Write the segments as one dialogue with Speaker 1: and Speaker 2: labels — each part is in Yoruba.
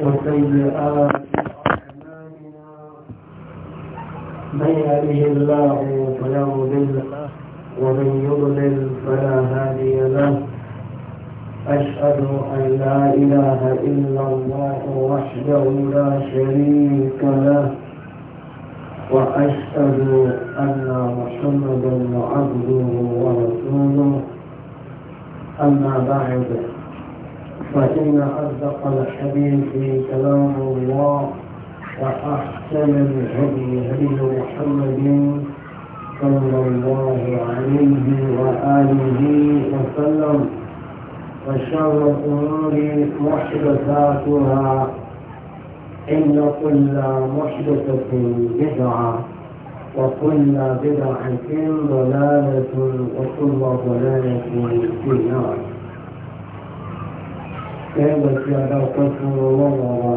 Speaker 1: وسيئات أعمالنا من يهده الله فلا مضل ومن يضلل فلا هادي له أشهد أن لا إله إلا الله وحده لا شريك له وأشهد أن محمدا عبده ورسوله أما بعد فإن أصدق الحديث كلام الله وأحسن الهدي هدي محمد صلى الله عليه وآله وسلم وشر الأمور محدثاتها إن كل محدثة بدعة وكل بدعة ضلالة وكل ضلالة في النار ẹ̀rọ tí a dá ọpẹ́ fún ọlọ́run ọba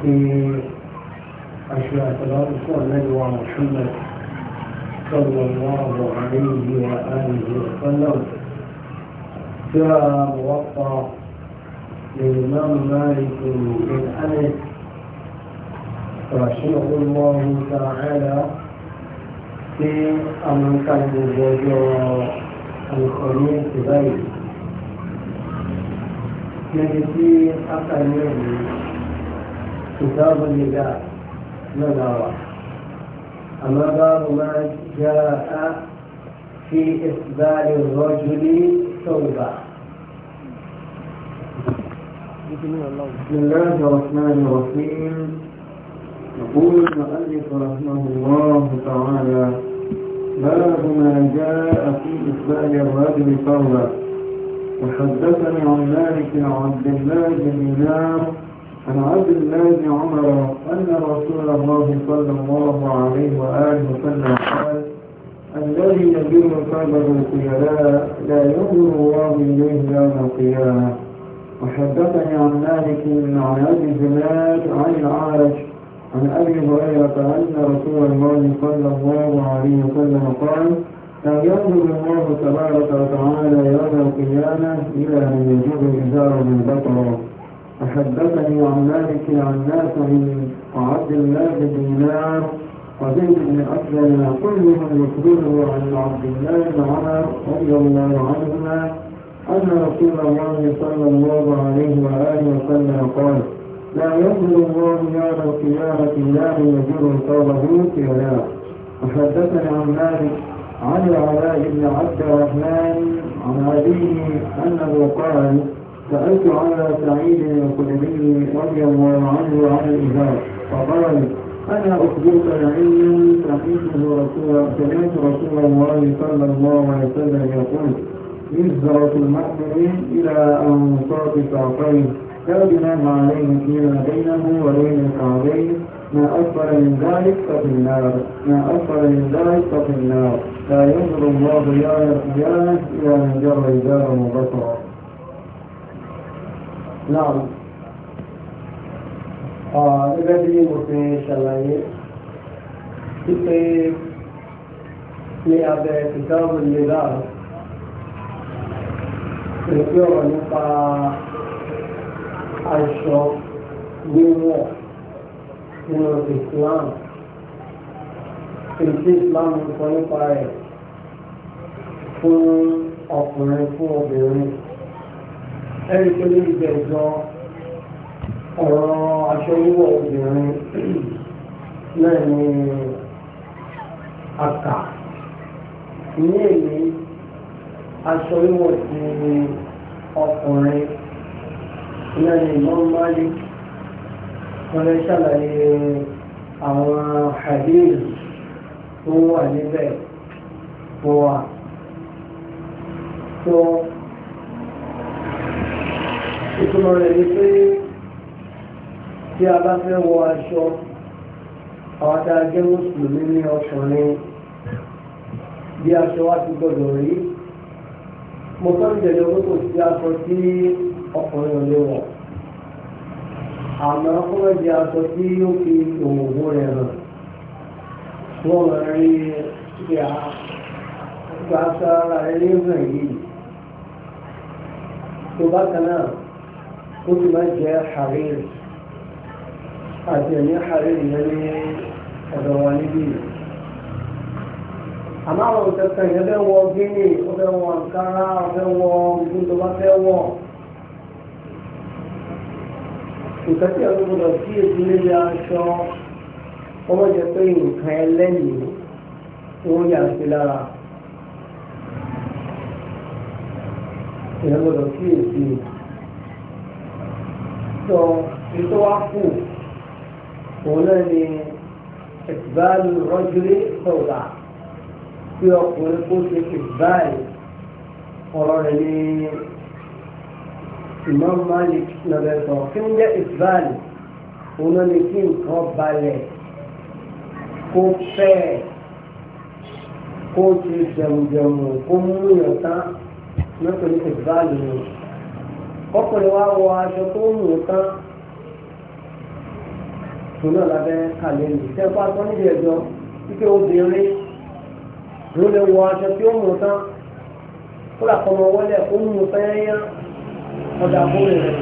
Speaker 1: tí aṣọ àtàlọ́run fún ọ̀lẹ́yìn wa mọ̀ṣúlẹ̀ sọ̀rọ̀ wọn ọ̀rọ̀ àárín ìlú wa àárín ìlú a wọ́n pa للإمام مالك بن أنس رحمه الله تعالى في أمر كان الخميس بيت كتاب النداء ما دار أما باب ما جاء في إقبال الرجل توبة بسم الله الرحمن الرحيم يقول المؤلف رحمه الله تعالى باب ما جاء في إقبال الرجل توبة وحدثني عن مالك عن عبد الله بن دينار عن عبد الله بن عمر أن رسول الله صلى الله عليه وآله وسلم قال الذي يجر قلبه الخيلاء لا ينظر الله إليه يوم القيامة وحدثني عن مالك عن عبد زناد عن الأعرج عن أبي هريرة أن رسول الله صلى الله عليه وسلم قال فينظر الله تبارك وتعالى يوم القيامة إلى من يجوب الإزار من بطره وحدثني عن مالك عن نافع وعبد الله بن نار وزيد بن أسلم كلهم يخبره عن عبد الله بن عمر رضي الله عنهما أن رسول الله صلى الله عليه وآله وسلم قال لا ينظر الله يوم القيامة إلا من يجر القوم ولا وحدثني عن مالك عن العلاء بن عبد الرحمن عن أبيه أنه قال سألت على سعيد الخدري رضي الله عنه عن الإزار فقال أنا أخبرك العلم سمعته رسول سمعت رسول الله صلى الله عليه وسلم يقول نزرة المؤمنين إلى أنصاف ساقيه لا بنام عليه فيما بينه وبين الكعبين ما أكبر من ذلك ففي النار ما أكبر من ذلك ففي النار لا ينظر الله يوم القيامة إلى من جر إزاره بصره نعم gẹ́gẹ́ bí mo fi ṣàlàyé
Speaker 2: wípé ní abẹ́ ìdáhùn lè láàrùn
Speaker 1: èyí nínú Islam ètò Islam sọ nípa rẹ̀ fún ọkùnrin fún obìnrin ẹni tó ní ìgbẹ́jọ ọ̀rọ̀ aṣọ wíwọ̀ obìnrin náà ni àkà
Speaker 2: ní èyí aṣọ wíwọ̀ ti ọkùnrin náà ni mọ́mọ́lì wọ́n lè ṣàlàyé àwọn hadith tó wà níbẹ̀ tó wà tó ìtumọ̀ rẹ̀ ni pé tí a bá fẹ́ wọ aṣọ àwọn tá a jẹ́ mùsùlùmí ní ọkùnrin bí aṣọ wa ti gbọdọ̀ rí mo fẹ́ ń tẹ̀lé owó kò sí aṣọ tí ọkùnrin ò lè wọ̀ àmọ́ kọ́mẹ́jì aṣọ tí ó fi òwò rẹ̀ hàn wọ́n mọ̀ rí pé a gba ẹni hàn yìí tó bákan náà ó ti máa jẹ́ harir àti ẹ̀mí harir yẹn ní ọ̀dọ̀ wa níbí àmọ́ àwọn òṣèkàn yẹn fẹ́ wọ gíní ó fẹ́ wọ àǹkárá ó fẹ́ wọ ogun bá fẹ́ wọ̀ nǹkan tí àwọn gbọdọ̀ sí ètò nílé aṣọ ọmọ jẹ pé nǹkan ẹlẹ́yìn tí wọ́n yà sí lára
Speaker 1: ìyẹn gbọdọ̀ sí ètò
Speaker 2: sọ ètò wa kù òun náà ni ìbáàlù rọ́júlé sọ̀rọ̀ pé ọkùnrin kó ṣe ìbáàlù ọ̀rọ̀ rẹ̀ ní. Imam Malik nàbẹ sọ kí ń jẹ ìsbáàlì òun náà ni kí nǹkan balẹ̀ kó fẹ́ kó ti jẹmujẹmu kó mú yàn tán lọ́pọ̀ ní ìsbáàlì ni ọkùnrin wa wọ aṣọ tó mú un tán òun náà lábẹ́ kàlẹ́ nìyí tẹ́kọ̀ àtọ́ níbi ẹ̀jọ́ wípé obìnrin ló lè wọ aṣọ ọ̀dà àbúrò rẹ̀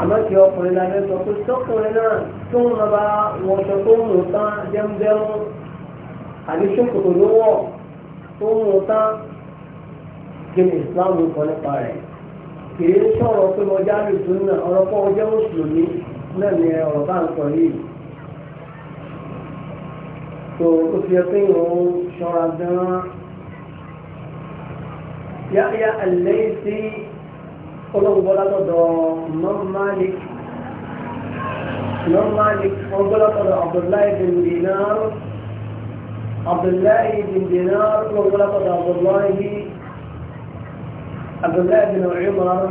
Speaker 2: àmọ́ tí ọkùnrin la fẹ́ sọ pé tọkùnrin náà tó ń lọ bá wọn sọ tó ń mú tán jẹ́mjẹ́mú àbí ṣòkòtò ló wọ̀ tó ń mú tán jẹ́mi ìsìláàmù kọ nípa rẹ̀ kìí sọ̀rọ̀ pé mo já lè tún náà ọ̀rọ̀ pọ̀ ọjọ́ mùsùlùmí náà ni ọ̀rọ̀ bá ń sọ yìí tó o fi ẹ pé ìwọ̀n ṣọ́ra gan-an yáyá al-Laythi ọlọ́gbọ́látọ̀dọ̀ Malik Malik ọgbọ́látọ̀dọ̀ Abdullahi bin Dinar Abdullahi bin Dinar ọgbọ́látọ̀dọ̀ Abdullahi Abdullahi bin Umar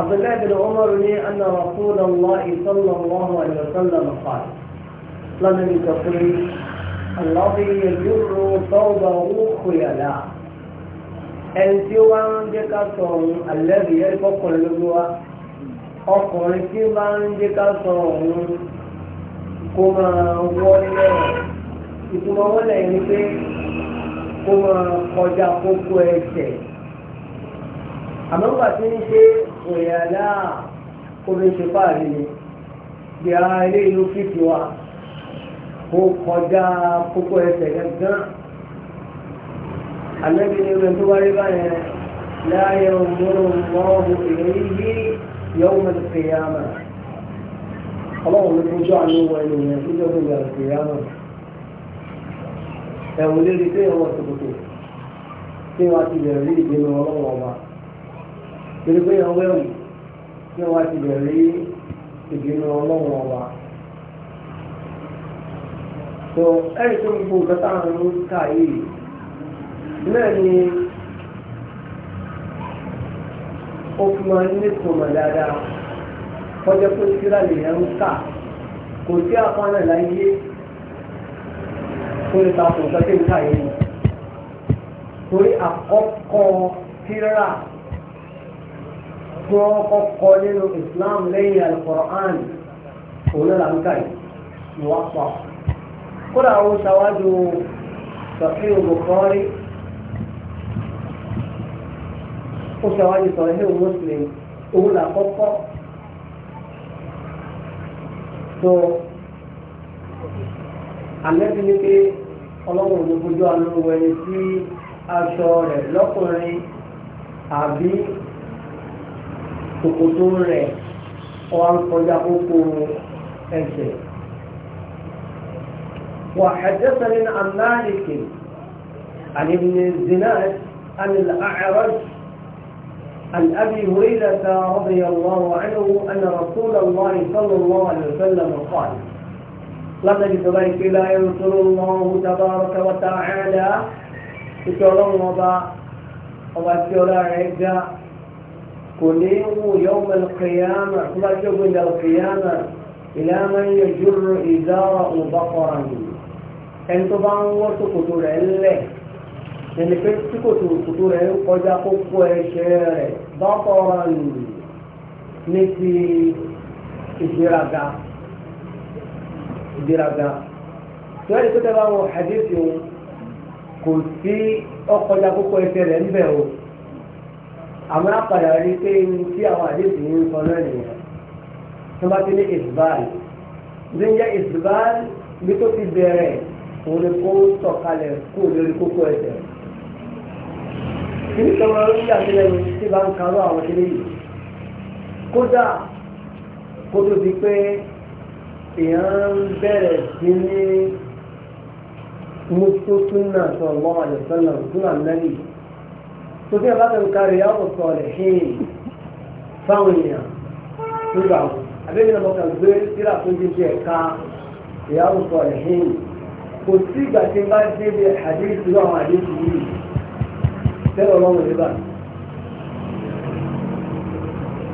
Speaker 2: عبد الله بن عمر لي أن رسول الله صلى الله عليه وسلم قال لمن كفر الذي يجر ثوبه خيلاء ẹni tí wá ń jẹ́ ká sọ ọ̀hún àlẹ́rì yẹ́rì kọ́kùnrin lójú wa ọkùnrin tí wá ń jẹ́ ká sọ ọ̀hún kó máa wọ́ nílẹ̀ ìtumọ̀ wọn lẹ́yìn ni pé kó máa kọjá kókó ẹsẹ̀ àmọ́ nígbà tí ń ṣe òyàlá omi ṣe fáàrí ni bí a ilé ìlú fífi wa kó kọjá kókó ẹsẹ̀ gángan àlẹ́bí ni rẹ̀ tó wáyé báyẹn láàyè òmùrù mọ́ọ̀bù ìrírí yóò mọ̀ sí yàmà ọlọ́run ló fojú àánú wọ ẹni yẹn tó jọ́ gbogbo àti yàmà ẹ̀wọ̀n lè rí téèyàn wọ̀ sọ̀tọ̀tọ̀ tí wọ́n ti bẹ̀rẹ̀ rí ìdènà ọlọ́run ọba torí pé yàn wẹ̀wù tí wọ́n ti bẹ̀rẹ̀ rí ìdènà ọlọ́run ọba tó ẹ̀rí tó ń gbó nǹkan táwọn ń náà ni ó fi máa ń nítumọ̀ dáadáa kọjá pé síra lèèyàn ń kà kò sí àpáná láyé tó lè ta kò sọ pé ń kà yẹn torí àkọ́kọ́ síra tí wọ́n kọ́kọ́ nínú Islam lẹ́yìn Al-Qur'an òun náà là ń kà yìí ni wọ́n pa kódà ó ṣàwájú sọ̀kí òbòkọ́rí. ó ṣe wáyé sọ ilé òun muslim òun là kọ́kọ́ tó àlẹ́bí ni pé ọlọ́run ló fojú alówó ẹni sí aṣọ rẹ̀ lọ́kùnrin àbí kòkòtò rẹ̀ ọ̀hán kọjá kókó ẹsẹ̀. وحدثني عن مالك عن ابن الزناد عن الأعرج عن أبي هريرة رضي الله عنه أن رسول الله صلى الله عليه وسلم قال لما جدريك لا ينصر الله تبارك وتعالى يتولون وضع وأسيرا عزة كنيه يوم القيامة ثم شوف إلى القيامة إلى من يجر إزاره بقرا أنتم بان ورثوا الله ẹni pé tí kò tó kòtò rẹ̀ ń kọjá kókó ẹsẹ̀ rẹ̀ bọ́kọ̀ọ̀rọ̀ nù ní ti ìgbéraga ìgbéraga tí wọ́n ti pété bá wọn hadith o kò sí ọkọjá kókó ẹsẹ̀ rẹ̀ ń bẹ̀ o àmọ́ àpàdà rí pé ní tí àwọn hadith yìí ń sọ náà nìyẹn tí wọ́n bá ti ní ìsbáàlì ní jẹ́ ìsbáàlì bí tó ti bẹ̀rẹ̀ òun ni kó sọ̀kalẹ̀ kó lórí kìí kọmọ ló yà sí bá ń karọ́ àwọn kiri yìí kódà kó tó di pé èèyàn ń bẹ̀rẹ̀ sí ní mùsùlùmí sọ lọ́wọ́ àjọsọ́nà ìdúnà mẹ́rin tó fi hàn láti ń kárí àwọn sọ̀rọ̀ hìn fáwọn èèyàn tó gbà wọ́n àbẹ́bí náà mọ̀kàn gbé síra tó ń jíjẹ ẹ̀ka ìyàwó sọ̀rọ̀ hìn kò sí ìgbà tí n bá débi àdéhùn àdéhùn yìí fẹ́ràn ọlọ́run nígbà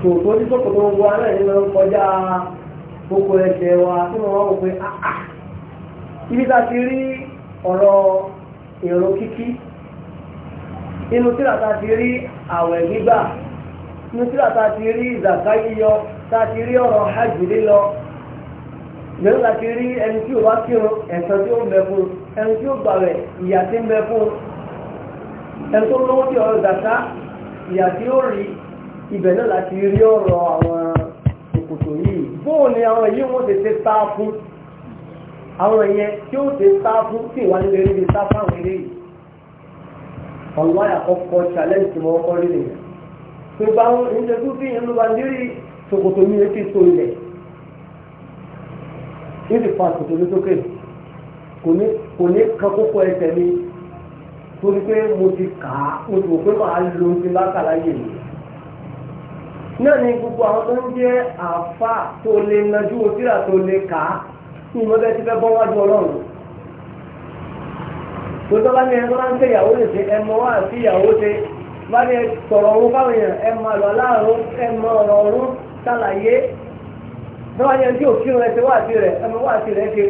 Speaker 2: tòótọ́ ní sọ́kòtò gbogbo ara ẹ̀ lọ kọjá gbogbo ẹsẹ̀ wa tí wọ́n wọ́n pé áá ah, ah. ibi tá ti rí ọ̀rọ̀ èrò kíkí inú tíra tá ti rí àwẹ̀ gbígbà inú tíra tá ti rí ìzàká yíyọ tá ti rí ọ̀rọ̀ hajj lílọ ìgbẹ́rún tá ti rí ẹni tí ò bá kírun ẹ̀san tí ó ń bẹ fún ẹni tí ó gbàwẹ̀ ìyà tí ń bẹ fún ẹni tó lówó tí ọ̀rọ̀ zaka ìyà tí ó rí ibẹ̀ náà láti rí ọ̀rọ̀ àwọn òkòtò yìí bóò ni àwọn yìí wọ́n ti ṣe sá fún àwọn yẹn tí ó ti sá fún tí ìwà nílé rí bí sá fún àwọn eré yìí ọ̀lọ́ àkọ́kọ́ challenge tí wọ́n kọ́ rí nìyẹn tó bá ń ṣe tó fi ìyẹn ló bá ń ṣòkòtò mi etí so ilẹ̀ ní ti fa ṣòkòtò mi sókè kò ní kan ẹsẹ̀ mi torí pé mo ti kà á mo ti wò pé màá lo ti bá kà láyè mi náà ni gbogbo àwọn tó ń jẹ́ àfa tó lè najú òtíra tó lè kà á ní ìmọ̀lẹ́ ti fẹ́ bọ́ wájú ọlọ́run tó tọ́ bá ní ẹni tó bá ń tẹ ìyàwó lè ṣe ẹmọ wá sí ìyàwó ṣe bá ní sọ̀rọ̀ ọ̀run fáwọn èèyàn ẹmọ àlọ́ aláàrún ẹmọ ọ̀rọ̀ ọ̀run ṣàlàyé tó bá ní ẹni tí òkírun ẹsẹ̀ wá sí rẹ̀ ẹmọ wá sí rẹ̀ ṣe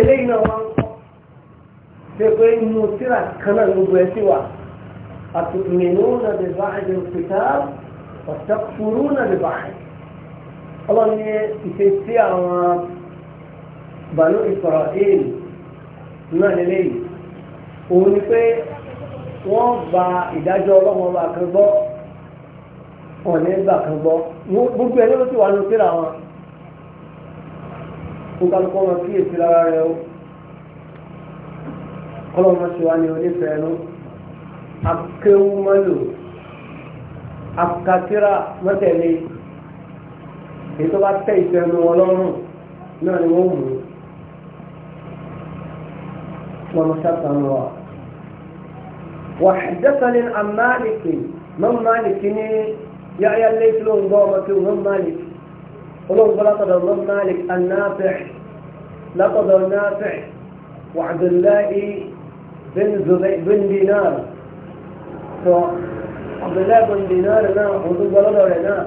Speaker 2: eléyìí náà wọn ṣe pé inú tíra kan náà gbogbo ẹ sí wa àtùmínúnà bí báyìí òkúta ọ̀tẹ́kùrúnà bí báyìí ọlọ́run ní ìṣe sí àwọn bàlú Israel náà lélẹ́yìí òun ni pé wọ́n gba ìdájọ́ ọlọ́run ọba kan gbọ́ ọ̀nà ìgbà kan gbọ́ gbogbo ẹ̀ ló ti wà ní tíra wọn. ó kálukọ́ wọn kíyèsí lára rẹ o kọlọ́mọ ṣe wá ní onífẹ̀ẹ́nu akéwú mọ́lò akatira mọ́tẹ̀lẹ́ èyí tó bá tẹ ìfẹ́nu ọlọ́run náà ni wọ́n mú wọn ṣàtàn wà. وحدثني عن مالك من مالك يا يا الليث لون قومك من مالك ولون بلطد من مالك النافع لطد النافع وعبد الله بن زبي بن دينار تو عبد الله بن دينار نا حدود بلده نا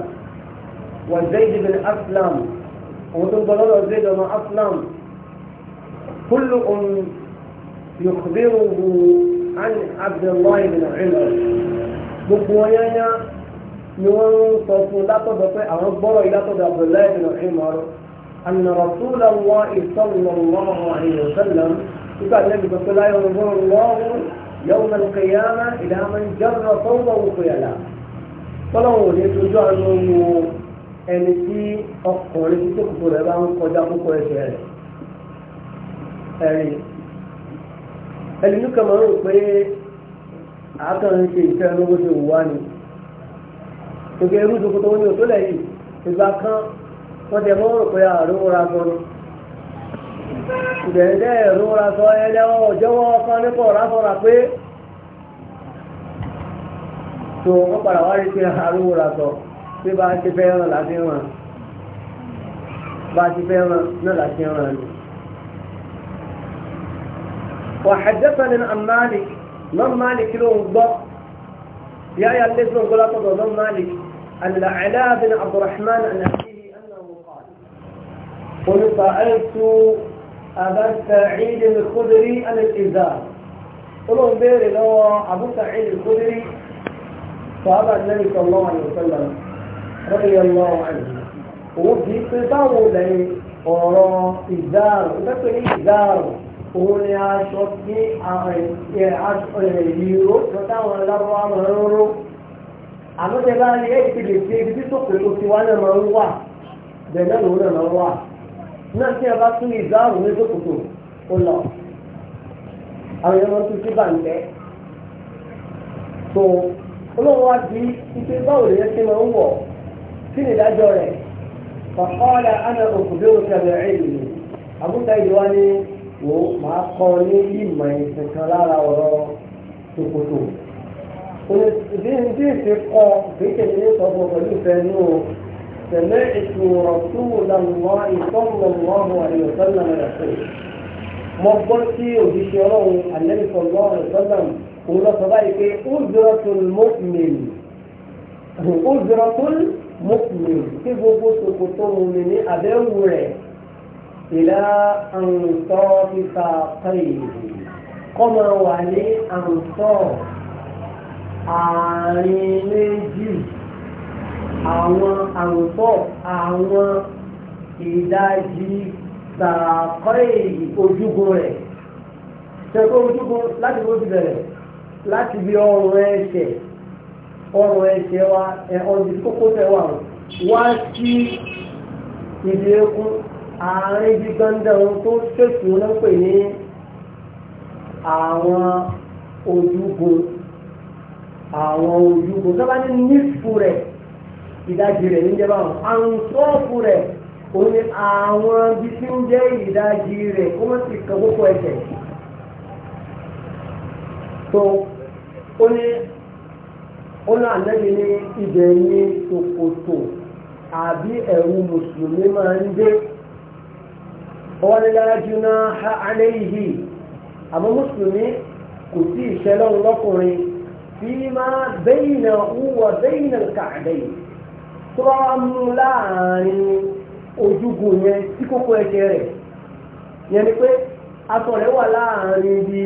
Speaker 2: وزيد بن أسلم حدود بلده زيد بن أسلم كل أم يخبره عن عبد الله بن عمر بقوانا نوان صوتو لا تضطي أو أخبره إلى عبد الله بن عمر أن رسول الله صلى الله عليه وسلم nígbà lẹ́nu gbogbo láyọ̀ ọgọ́rùn-ún lọ́wọ́ yọ̀wọ́ mẹ́lẹ̀ kẹyàmá ìdá máa ń jẹ́rọ fọ́nbọ̀ òkú yàrá tọ́lọ́wọ́ ní ojú àánú wo ẹni tí ọkùnrin tí tókùkù rẹ̀ bá ń kọjá púpọ̀ ẹsẹ̀ rẹ̀ ẹ̀rìn ẹni ní kàmọ́ rò pé àákàrin ṣe ìfẹ́ olówó ṣe wù wá ni gbogbo ẹrú ìdókòtò wọn ni òtó lẹ́yìn ìgbà kan wọ́n jẹ mọ́ rò pé ààrùn rà gan-an ìbẹ̀rẹ̀dẹ́ ẹ̀rọ ra sọ ẹlẹ́wọ̀n òjọ́wọ́ ọkàn nípa ọ̀rá sọ̀rà pé tó wọ́n padà wá rí pé arúgbó ra sọ pé bá ti fẹ́ ràn láti ràn bá ti fẹ́ ràn náà láti ràn ni. وحدثني عن مالك نم مالك له ضغط يا يا اللي اسمه قلت نم مالك العلاء بن عبد الرحمن عن أبيه أنه قال قل سألت أبا سعيد الخدري الإزار قلوا بير لو أبو سعيد الخدري صحابة النبي صلى الله عليه وسلم رضي الله عنه وفي قطعه لي ọ̀rọ̀ ìzáàrù pẹ́pẹ́ ní ìzáàrù òun ni aṣọ tí ìró táwọn aláwọ̀ máa ń ró àmọ́ tẹ bá rí ẹ́ ìpìlẹ̀ tí ibi náà tí a bá tún lè gbá àrùn lójókòtò ó lọ àwọn èèyàn máa ń tún sí bàǹtẹ́ tó olóhùn wa di ipe báwo lè yẹ kí máa ń wọ̀ kí ni ìdájọ́ rẹ̀ kọ̀kọ́lá ana òkùnbé òkèèrè ìlú àbúta ìlú wa ní wò máa kọ́ ní ìmọ̀ ìsìn kan lára ọ̀rọ̀ tòkòtò. ìdí ìdí ìsìn kọ́ kì ṣe ní sọ́kùn pẹ̀lú ìfẹ́ nù. سمعت رسول الله صلى الله عليه وسلم يقول مبرتي وبشيره النبي صلى الله عليه وسلم قول صدائك أجرة المؤمن أجرة المؤمن كيف بوسط من أبوه إلى أن صافف قيه قم وعلي أنصاف عالي جيد àwọn àrùpọ̀ àwọn ìdajì sàkọ́ ojúgun rẹ̀ ṣẹ̀kọ́ ojúgun láti bó ti bẹ̀rẹ̀ láti bí ọrùn ẹsẹ̀ ọrùn ẹsẹ̀ wa ọdún tí kókó tẹ̀ wà wá sí ìdí ekun àárín ibi gbọ́ndẹ̀ ohun tó ṣèṣù ló pè ní àwọn ojúgun àwọn ojúgun tó bá ní nífù rẹ̀ ìdajì rẹ̀ níjẹ́ báwọn àrùn sọ́ọ̀fù rẹ̀ òun ni àwọn ibi tí ń jẹ́ ìdajì rẹ̀ kó wọ́n ti kàn kókó ẹ̀jẹ̀ tó ó ní ó ní ànábi ní ibẹ̀ ní ṣòkòtò àbí ẹ̀rù mùsùlùmí máa ń dé ọwọ́ ní lájú náà alẹ́ yìí àmọ́ mùsùlùmí kò sí ìṣẹ́lọ́run lọ́kùnrin fi máa bẹ́yìn náà wúwọ́ bẹ́yìn náà kàdé yìí tó bá wá mú láàrin ojúgun yẹn sí kókó ẹsẹ̀ rẹ̀ yẹn ni pé aṣọ rẹ̀ wà láàrin bí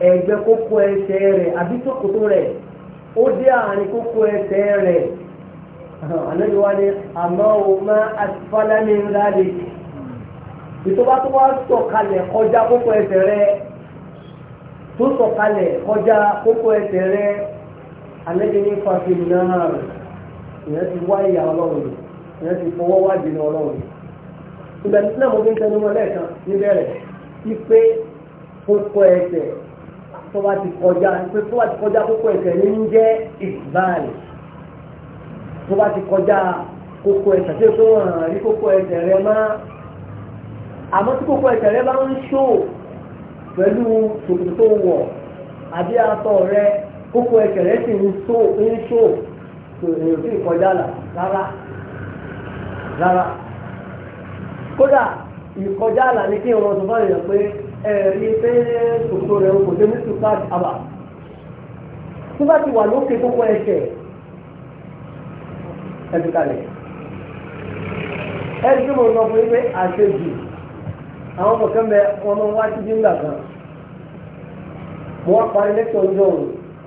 Speaker 2: ẹgbẹ́ kókó ẹsẹ̀ rẹ̀ àbí tókòtò rẹ̀ ó dé àárín kókó ẹsẹ̀ rẹ̀ ànábi ni àmọ́ o máa asfálà ní ńlá lè ìtọ́ba tó wá sọ̀kalẹ̀ kọjá kókó ẹsẹ̀ rẹ̀ tó sọ̀kalẹ̀ kọjá kókó ẹsẹ̀ rẹ̀ ànábi ní fàfin náà rẹ̀ ìyẹn ti wá ìyá ọlọ́run rẹ̀ ìyẹn ti fọwọ́ wá dènà ọlọ́run rẹ̀. ìgbà tí náà mo fi ń tẹnu mọ́ lẹ́ẹ̀kan níbẹ̀rẹ̀ ipe kókó ẹsẹ̀ tó bá ti kọjá ipe tó bá ti kọjá kókó ẹsẹ̀ ní ń jẹ́ ìbáàlì tó bá ti kọjá kókó ẹsẹ̀ tó tó hàn rí kókó ẹsẹ̀ rẹ má àmọ́ tí kókó ẹsẹ̀ rẹ bá ń ṣó pẹ̀lú ṣòkòtò tó wọ̀ àbí aṣọ rẹ kókó ẹsẹ̀ rẹ sì ń ṣó tó èèyàn fi kọjá là rárá rárá kódà ìkọjá àlà ni kí wọn sọ fáwọn èèyàn pé ẹ̀rí pé kòkòrò rẹ̀ kò dé mítù pad àbà tó bá ti wà lókè tó kọ ẹsẹ̀ ẹ̀dùn kalẹ̀ ẹ̀rí tí mo sọ fún yín pé àṣejù àwọn ọmọ kan bẹ wọn máa ń wá parí lẹ́tọ̀ọ́ ọjọ́ òun.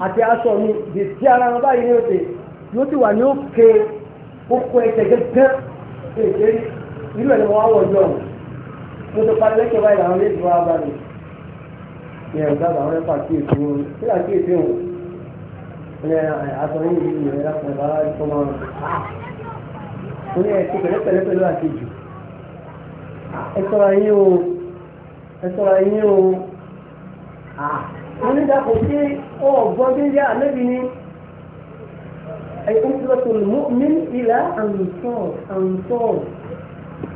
Speaker 2: àti aṣọ mi lè tí ara wọn báyìí ní òde yóò ti wà ní òkè kókó ẹsẹ̀ gẹ́gẹ́ èdè irú ẹ̀ ni wọ́n á wọ̀ jọ mo ti parí lẹ́kẹ̀ẹ́ báyìí làwọn lè dùn ara mi ìyẹn ọ̀gá àwọn ẹ̀fà kí èsì wọn kí là kí èsì wọn ẹ̀ aṣọ yìí ní ìlú ẹ̀rọ kan bá tó máa ń ó ní ẹ̀sìn pẹ̀lẹ́pẹ̀lẹ́ pẹ̀lú àtijọ́ ẹ ṣọ́ra yín o ẹ ṣọ́ra yín o wọ́n ní dàpọ̀ sí ọ̀gbọ́n bí yá ànábì ni ẹ̀kúnfúlọ́tò mọ́mí ìlà àǹtọ̀ àǹtọ̀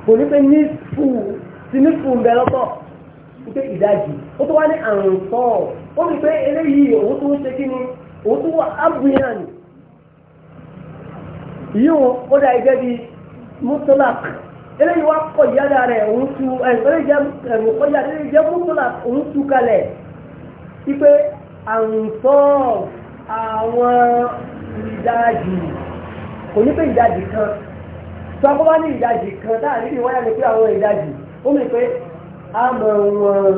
Speaker 2: kò ní pé ní fù sí ní fù ń bẹ lọ́tọ̀ pé ìdajì ó tó wá ní àǹtọ̀ ó ní pé eléyìí òun tó ń ṣe kí ni òun tó wà ábúyàn yíò ó dá ẹgbẹ́ bíi mutolak eléyìí wá kọ ìyáda rẹ̀ òun tu ẹ̀ eléyìí jẹ́ mutolak òun tu kalẹ̀ ipe àǹtọ́ àwọn ìdajì kò ní pé ìdajì kan tó akọ́ bá ní ìdajì kan láàrin ìwáyà ni pé àwọn ìdajì ó mì pé a mọ̀ wọn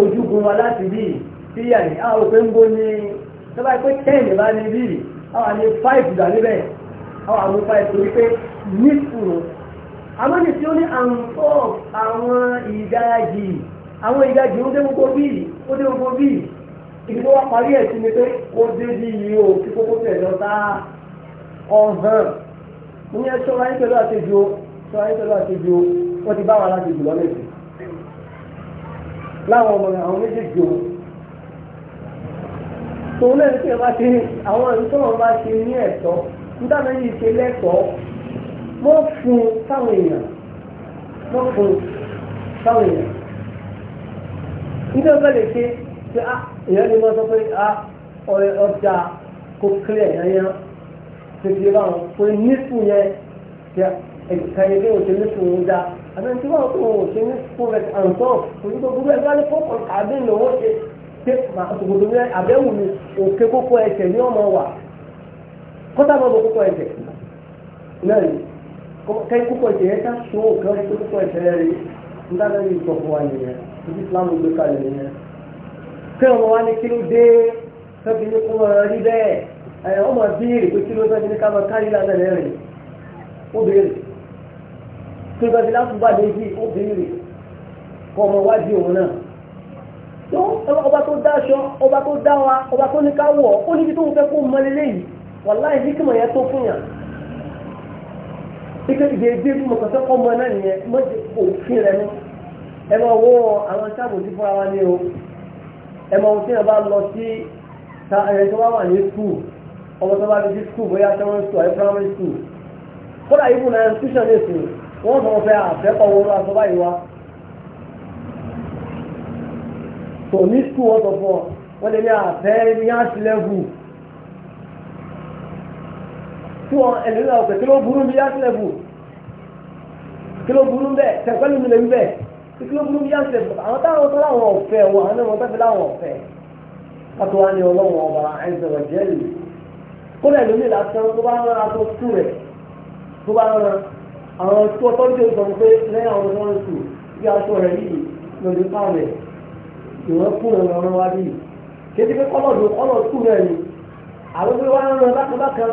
Speaker 2: ojúgun wa láti bí síríà ní a ò pé ń bó ní tó pé ten bá ní bí àwọn àní five dà níbẹ̀ àwọn àmú five torí pé nífù àmọ́ ní tí ó àwọn ìdajì ó dé gbogbo bíi ó dé gbogbo bíi ìdìbò wa parí ẹ̀ sí ni pé ó dé bí iye o kí kókó tẹ̀ lọ tá ọ̀hán mo ní ẹ ṣọ́ra yín pẹ̀lú àtẹ̀jọ́ ṣọ́ra yín pẹ̀lú àtẹ̀jọ́ wọ́n ti bá wa láti jù lọ́lẹ̀ sí láwọn ọmọ àwọn méjèèjì o tòun náà ní ẹ bá ti àwọn ẹ̀rú tó wọn bá ti ní ẹ̀tọ́ nígbà yìí ṣe lẹ́tọ̀ọ́ wọ́n fún táwọn èèyàn wọ́n fún táwọn èèyàn nígbà wọn bá lè ṣe ṣe a ah, èèyàn ni wọn sọ pé á ah, ọjà kó clear yẹnyẹn ṣe fi báwọn pé nífù yẹn ṣe ẹ̀ka yẹn bí wọn ṣe nífù wọn dá àmì tí wọn kò wọn ṣe nífù rẹ àǹtọ̀ òní gbogbo ẹ̀ bá lè fọ́pọ̀ àbí lòwọ́ ṣe ṣe àtòkòtò rẹ àbẹ̀wò ni òkè kókó ẹsẹ̀ ní ọmọ wà kọ́tà bọ̀ kókó ẹsẹ̀ náà kẹ́kọ̀ọ́ ẹsẹ̀ yẹn ká ṣó òkè kókó ẹsẹ̀ rẹ nígbà náà yìí sọ fún wa nìyẹn ibi ìsìláàmù gbé kalẹ̀ nìyẹn kí ọmọ wa ní kí ló dé tọ́bi ní kó máa rí bẹ́ẹ̀ ẹ̀ ọmọ bíèrè pé kí ló tọ́bi ní ká máa kárí lánàá rẹ̀ rìn ó béèrè kí ló tọ́bi látúbà méjì ó béèrè kọ́ ọmọ wájú òun náà ọba tó dá aṣọ ọba tó dá wa ọba tó ní ká wọ̀ ó níbi tó ń fẹ́ kó mọ lélẹ́yìí wàláì hikima yẹn tó fún yàn ike ìdè ìdè mọ̀kànṣẹ́ kọ́ mọ náà nìyẹn mọ̀ òfin rẹ̀ náà ẹ máa wó àwọn sábòtí fún ara ní o ẹ máa wọ́n tí wọ́n bá lọ sí ẹni tó bá wà ní skul ọmọ tó bá lọ sí skul bóyá secondary school àti primary school kódà ibù náà institution lè sùn wọ́n sọ wọn fẹ́ àfẹ́kọ̀ọ́ wọn lọ àtọ́ báyìí wá tò ní skul wọn sọ fún ọ wọ́n lè ní àfẹ́ ní àtìlẹ́gù tí wọn ẹni náà pẹ̀ kí ló burú bí àtìlẹ́gù kí ló burú bẹ́ẹ̀ tẹ̀pẹ́lú mi ìpín ogun bí yàtọ̀ àwọn táwọn tó láwọn ọ̀fẹ́ wọn àwọn ọmọ tó fi láwọn ọ̀fẹ́ pàtó wa ní ọlọ́run ọba ẹ̀sẹ̀rọ̀ jẹ́lì kódà ìlúmi lásán tó bá rán aṣọ tú rẹ̀ tó bá rán àwọn tó ọtọ́ ní oṣù pé lẹ́yìn àwọn tó ń sùn bí aṣọ rẹ̀ yìí lòdì pa rẹ̀ ìwọ́n fún ẹ̀rọ ọ̀rọ̀ wa bí kéde pé kọ́lọ̀dù kọ́lọ̀ tú rẹ̀ ni àwọn tó wá rán rẹ̀ bákan bákan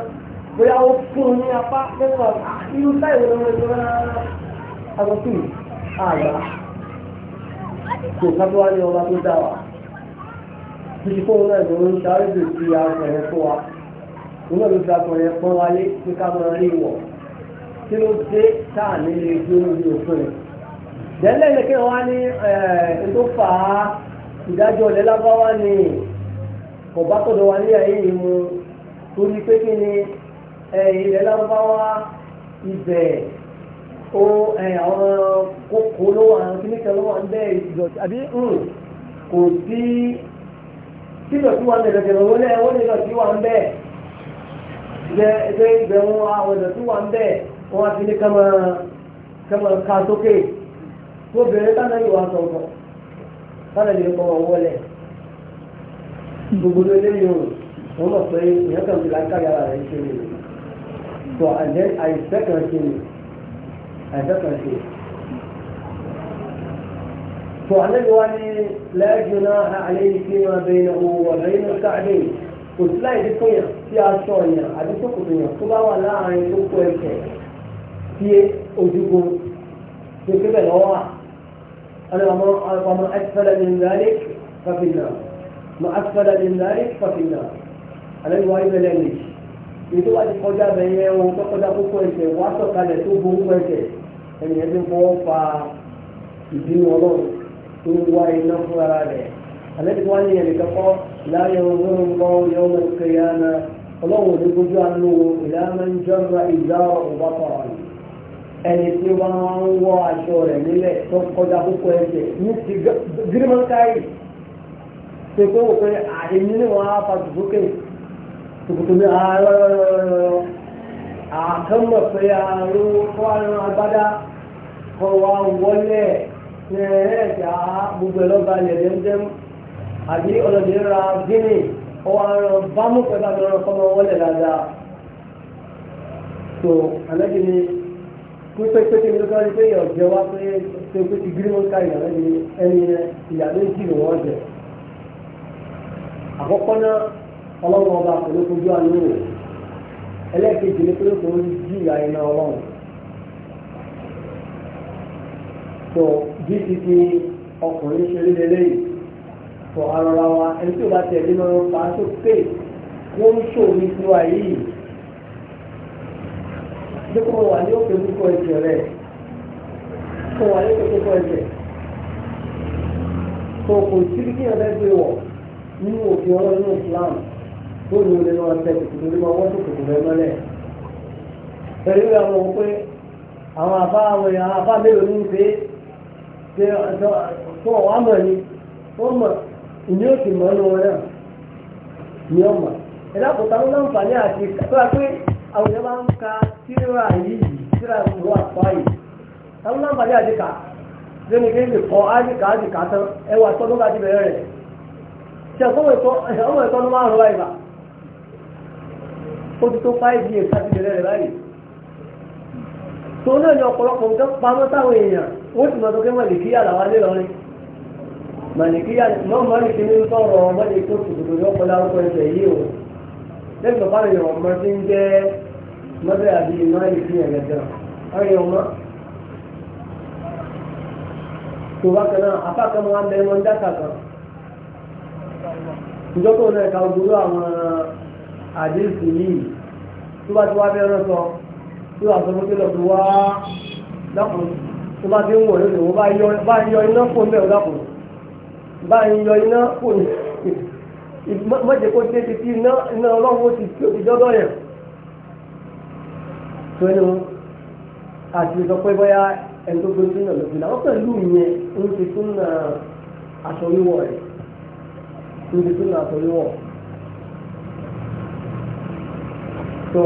Speaker 2: bóyá ó fún un ní apá nínú àìwọ̀n rẹ̀ tó rán aṣọ tú àgbà kò kábọ́ ní ọba tó dá wa títí fóun náà ló ń ṣàrìbì sí aṣọ yẹn fún wa òun náà ló fi pọ́n wáyé pé ká máa rí wọ̀ kí ló dé táà nílé tí ó ní òfin rẹ̀ dẹ́lẹ́ ni kí wọ́n ní ètò eh, fà á ìdájọ́ ilẹ̀ lábáwá ni ọba tọ̀dọ̀ wa ní ẹ̀yìn yìí mu torí pé kí ni eh, ilẹ̀ lábáwá ibẹ̀ ó àwọn kókó lọ́wọ́ àwọn kíníkà lọ́wọ́ ń bẹ́ẹ̀ ìdọ̀tí àbí hmm. kò sí ìdọ̀tí wà ń bẹ̀ lọ́tẹ̀ lọ́wọ́ lẹ́yìn wọ́n ní ìdọ̀tí wà ń bẹ̀ jẹ́ ẹgbẹ́ ìgbẹ́ wọn àwọn ìdọ̀tí wà ń bẹ̀ wọ́n á ti ní kẹ́mọ̀ ká sókè tó bẹ̀rẹ̀ tánà yìí wà sọ̀tọ̀ tánà yìí kọ́ wọn wọlé gbogbo eléyìí o wọ́n mọ̀ pé ìyẹn kan ti láńkà yàrá rẹ̀ ṣe nìyí tó àìsẹ́ kan ṣe nìyí àìsẹ́kàn ṣe tó àlejò wa ní lẹ́ẹ̀jọ́nà àlejò tí wọ́n bẹ ní owó ọ̀rẹ́ inú káàdé kò sí láì dé fún yàn tí aṣọ yàn àbí sókòtò yàn tó bá wà láàrin tó kó ẹsẹ̀ tí ojúgun tó kébẹ̀ lọ́wọ́ wà. أنا ومن أسفل من ذلك ففي النار ما أسفل من ذلك ففي النار أنا الواحد لن يجي nítorí wá ti kọjá bẹ̀yẹ ohun tó kọjá kókó ẹsẹ̀ wá sọ̀kalẹ̀ tó borúkọ ẹsẹ̀ ẹni ẹbí fọwọ́ fa ìbínú ọlọ́run tó ń wá iná fún ara rẹ̀ àlẹ́bí wá ní ẹnì kẹ́kọ́ láyé ọgbọ́n ń bọ́ yọ ọmọ ìkẹyà náà ọlọ́run ní gbójú àánú ìlànà ń jọra ìjà ọ̀bá pàrọ̀ ẹni tí ó bá ń wọ aṣọ rẹ̀ nílẹ̀ tó kọjá púpọ̀ ẹ̀jẹ̀ ní ti gírímọ́ńkáì ṣe kó wò pé àìní ni wọ́n á fa tòkókè tòkòtò ní àárọ̀ àkànmọ̀ pé àrùn fún àrùn agbádá kọ́ wa wọlé ẹ̀ẹ́dẹ́ ẹ̀dá gbogbo ẹ̀lọ́gba lẹ̀dẹ̀ ń dẹ́mu àbí ọlọ́dẹ ra gíní ọwọ́ aràn bámú pẹ̀lú àbẹ̀rẹ̀ kọ́mọ wọlé dáadáa. tó àlẹ́jì ni kú pépété ló sáré pé ọ̀jẹ̀ wá pé pé pé ti gírí wọn ká ìyàrá ni ẹni ìyá méjì ló wọ́n jẹ. àkọ́kọ́ náà ọlọ́run ọba kò ní kojú àánú rẹ̀ ẹlẹ́ẹ̀kejì ni pé ó kò ń jí iná ọlọ́run. tó bí ti fi ọkùnrin ṣeré lélẹ́yìn tó arọra wa ẹni tí ò bá tẹ̀lé máa ń fa sókè kó ń ṣòwò sí wa yìí dípò wà ní òkè púpọ̀ ẹ̀jẹ̀ rẹ̀ kó wà ní òkè púpọ̀ ẹ̀jẹ̀ tó kò sí kí ẹ̀rọ ẹgbẹ́ wọ̀ nínú òfin ọlọ́run Islam tó ní olè náà tẹ̀ kòtò lórí wọ́n tó kòtò rẹ̀ mọ́lẹ̀ pẹ̀lú àwọn pé àwọn àbá àwọn àbá mélòó ní ń ṣe ọjọ́ fún ọ̀wá mọ̀ ni wọ́n mọ̀ ìní òsì mọ́ ní wọn náà ni wọ́n mọ̀ ẹ̀dá kò táwọn láǹfààní àti kọ́ra pé àwọn èèyàn máa ń ka tíra yìí tíra ìwọ àpá yìí táwọn láǹfààní àti kà lónìí kí n lè kọ́ ájìká ájìká tán ẹwà tọ́dún bá ti bẹ̀rẹ̀ rẹ̀ ṣe ọmọ ìtọ́ ló máa ń rọ ìbà ó ti tó fáìdì èkó àti bẹ̀rẹ̀ rẹ̀ báyìí tó náà ni ọ̀pọ̀lọpọ̀ nǹkan pamọ́ táwọn èèyàn wọ́n ti máa sọ pé màlìkíyà làwọn alẹ́ lọ́rin màlìkíyà náà màlìkí ní sọ̀rọ̀ màlìkí tó tòkòtò ní ọ̀pọ̀ lárúkọ ẹsẹ̀ yìí o lẹ́yìn bàbá rẹ̀ yọ̀ ọmọ tí ń jẹ́ mọ́tẹ́ àbí màlìkí yẹn gẹ́gẹ́ ọ̀rẹ́ ọmọ. tó bá kan náà apá kan máa ń bẹ ẹmọ ń dáta kan ìjọba òun náà ka gbúrú àwọn àdéhùn yìí wá bẹ́ẹ̀ tó bá ti ń wọ̀ lóde wọ́n bá ń yọ iná fún bẹ́ẹ̀ ọ̀dàpọ̀ bá ń yọ iná fún mọ̀jẹ̀ kó dé ti ti iná iná ọlọ́wọ́ ti tí ó ti dọ́dọ̀ yẹn tó ẹnu àti sọ pé bóyá ẹni tó gbé sínú ọ̀lọ́gbìn náà wọ́n pẹ̀lú ìyẹn ń ti tún aṣọ wíwọ̀ rẹ̀ níbi tí màá torí wọ̀. tó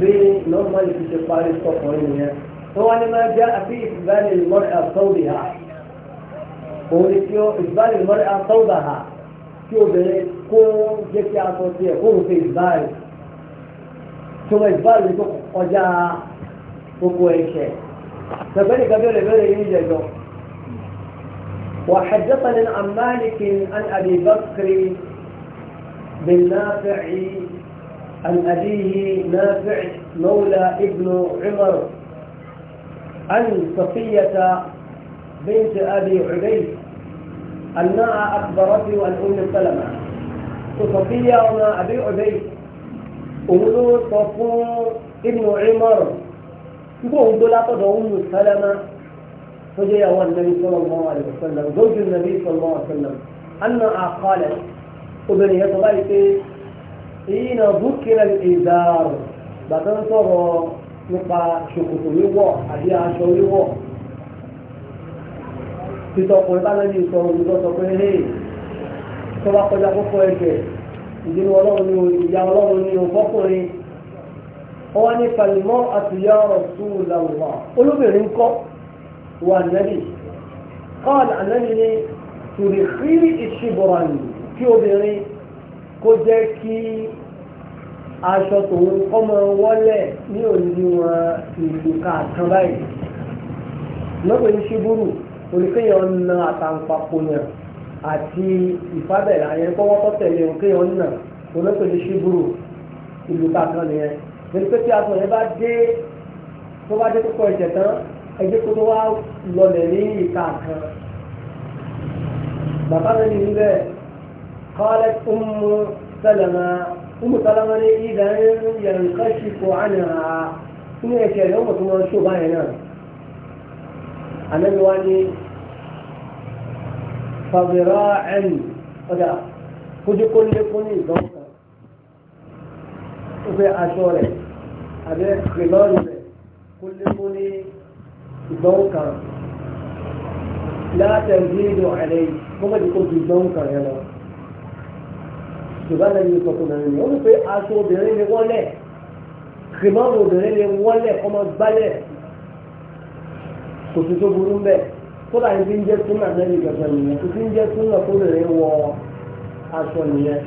Speaker 2: bí lọ́mọ ti ṣe parí sọ́kùnrin yẹn. هو ما جاء في إقبال المرأة صوبها ولكيو إقبال المرأة صوبها كيو بني كون جيكي أصوتية كون في إقبال ثم إقبال لتوق قجاء شيء فبني قبيل بني يجدو وحدثني عن مالك عن أبي بكر بن نافع عن أبيه نافع مولى ابن عمر أن صفية بنت أبي عبيد أنها أخبرته عن أم سلمة وصفية وما أبي عبيد أولو صفو ابن عمر يقول لا تدعو أم سلمة فجاء هو النبي صلى الله عليه وسلم زوج النبي صلى الله عليه وسلم أنها قالت ابن yẹn sọ ذكر pé بعد أن nípa ṣòkòtò wíwọ̀ àbí aṣọ wíwọ̀ títọ́ ọkùnrin bá lẹ́yìn ìsọ olùdó sọ pé hey tó bá kọjá kókó ẹ̀jẹ̀ ìdínú ọlọ́run ni o ìyá ọlọ́run ni o fọ́kùnrin ó wá ní kalimọ́ àtìyá Rasulullah olóbìnrin kọ́ wà nẹ́bì kọ́ọ̀dà nẹ́bì ni tùrìkìrì ìṣìbọ̀ràn kí obìnrin kó jẹ́ kí aṣọ tòun kọ́mọ wọ́lẹ̀ ní òníwọ̀n ìdòkà kan báyìí lọ́pọ̀ ní ṣíbúrù oníkéèyàn na àtàǹpapò yàn àti ìfábẹ̀lẹ̀ àyẹn kọ́wọ́ tó tẹ̀lé oníkéèyàn nà onípè ní ṣíbúrù ìdòkà kan nìyẹn lórí pé tí aṣọ yẹn bá dé tó bá dé kókó ẹ̀jẹ̀ tán ẹgbẹ́ kó tó wá lọlẹ̀ ní ìka kan bàbá mi ní bẹ́ẹ̀ kọ́lẹ́ tó mú sẹ́lẹ̀ náà umu salama ní idan yankashi ko ana inú ẹ̀kẹ́ rẹ̀ ọmọ tó máa ń ṣó báyẹn náà ànábi wá ní fàbírà ẹn ọjà kójú kó lé fún ní ìdánwò kan ó fẹ́ aṣọ rẹ̀ àbẹ́ kìlọ́ọ̀nù rẹ̀ kó lé fún ní ìdánwò kan látẹ̀lé ìdánwò àlẹ́ yìí kó yorùbá náà yóò sọ fún mi nìyẹn ó ní pé aṣọ obìnrin ni wọ́n lẹ̀ kìmọ́ọ̀mù obìnrin ni wọ́n lẹ̀ ọmọ gbálẹ̀ kò sí tó burú bẹ́ẹ̀ kódà yìí ti ń jẹ́ súnà lẹ́yìn gàgà nìyẹn kò sí ń jẹ́ súnà kó lè wọ aṣọ nìyẹn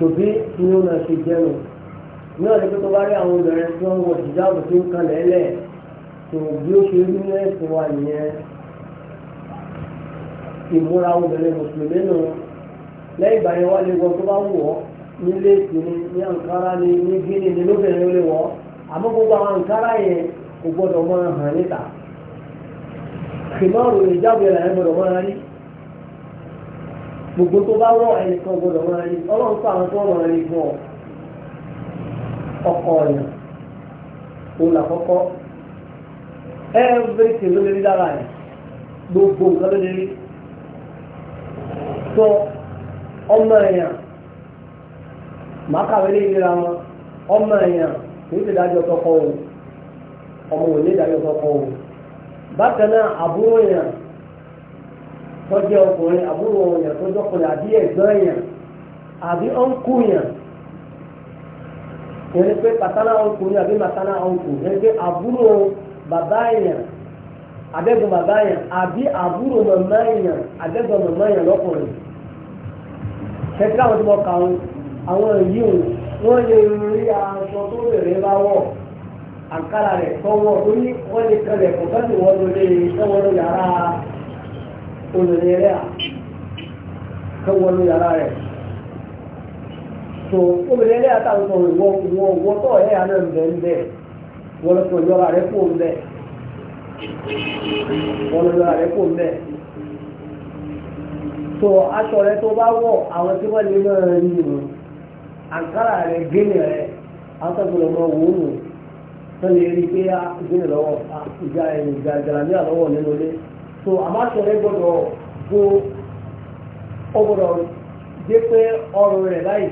Speaker 2: tòbí ni ó náà ṣe jẹun náà ni pé tó bá rí àwọn obìnrin tí wọ́n wọ ìjáàbù tó ń kan lẹ́lẹ̀ tó bí ó ṣe rí ní ẹ̀sìn wa nìyẹn ìmúra obìnrin mùsùlùmí nù. lẹ́yìn ìgbà yẹn wá lè wọ tó bá wù ọ́ ní léèkì ni ní àǹkárá ni ní ni lóbìnrin ó lè wọ́ àmọ́ gbogbo àwọn àǹkárá yẹn kò gbọ́dọ̀ máa hàn níta gbọ́dọ̀ gbogbo tó bá wọ ẹnìkan gbọ́dọ̀ máa ọlọ́run fún àwọn tó fún ọ ọkọ ọ̀yàn òun dára gbogbo nǹkan ọmọ èèyàn màá kàwé lé wọn ọmọ èèyàn kì í tọkọ o ọmọ òun ní tọkọ o bákan náà àbúrò èèyàn ọkùnrin àbúrò ọkùnrin àbí àbí pé pàtàlà àbí màtàlà pé àbúrò bàbá àbẹ́gbọ̀n bàbá àbí àbúrò àbẹ́gbọ̀n lọ́kùnrin. kẹ́kẹ́ àwọn tí mo kà ń àwọn èyí ò wọ́n lè rí aṣọ tó lè rí àǹkárá rẹ̀ tọ́wọ́ ó ní wọ́n lè kẹlẹ̀ kó fẹ́ẹ́ wọ́n lò lè tẹ́wọ́n lò yàrá olùrẹ̀ rẹ̀ à tẹ́wọ́n yàrá rẹ̀ tó obìnrin rẹ̀ àtàwọn ọmọ ìwọ ìwọ ìwọ tọ́ ẹ̀ àná ẹ̀ ń bẹ̀ wọ́n lọ sọ ìjọba rẹ̀ kó ń bẹ̀ wọ́n lọ sọ ìjọba rẹ̀ kó ń bẹ̀. so aṣọ rẹ tó bá wọ àwọn tí wọ́n lè máa rí o rẹ gíní rẹ àwọn tó gbọdọ̀ máa wò nù tó lè rí pé ah, gíní lọ́wọ́ ah, ìjà ìjà ìjàlámíà lọ́wọ́ nínú ilé so àmọ́ aṣọ rẹ gbọdọ̀ kó ó pé ọrùn báyìí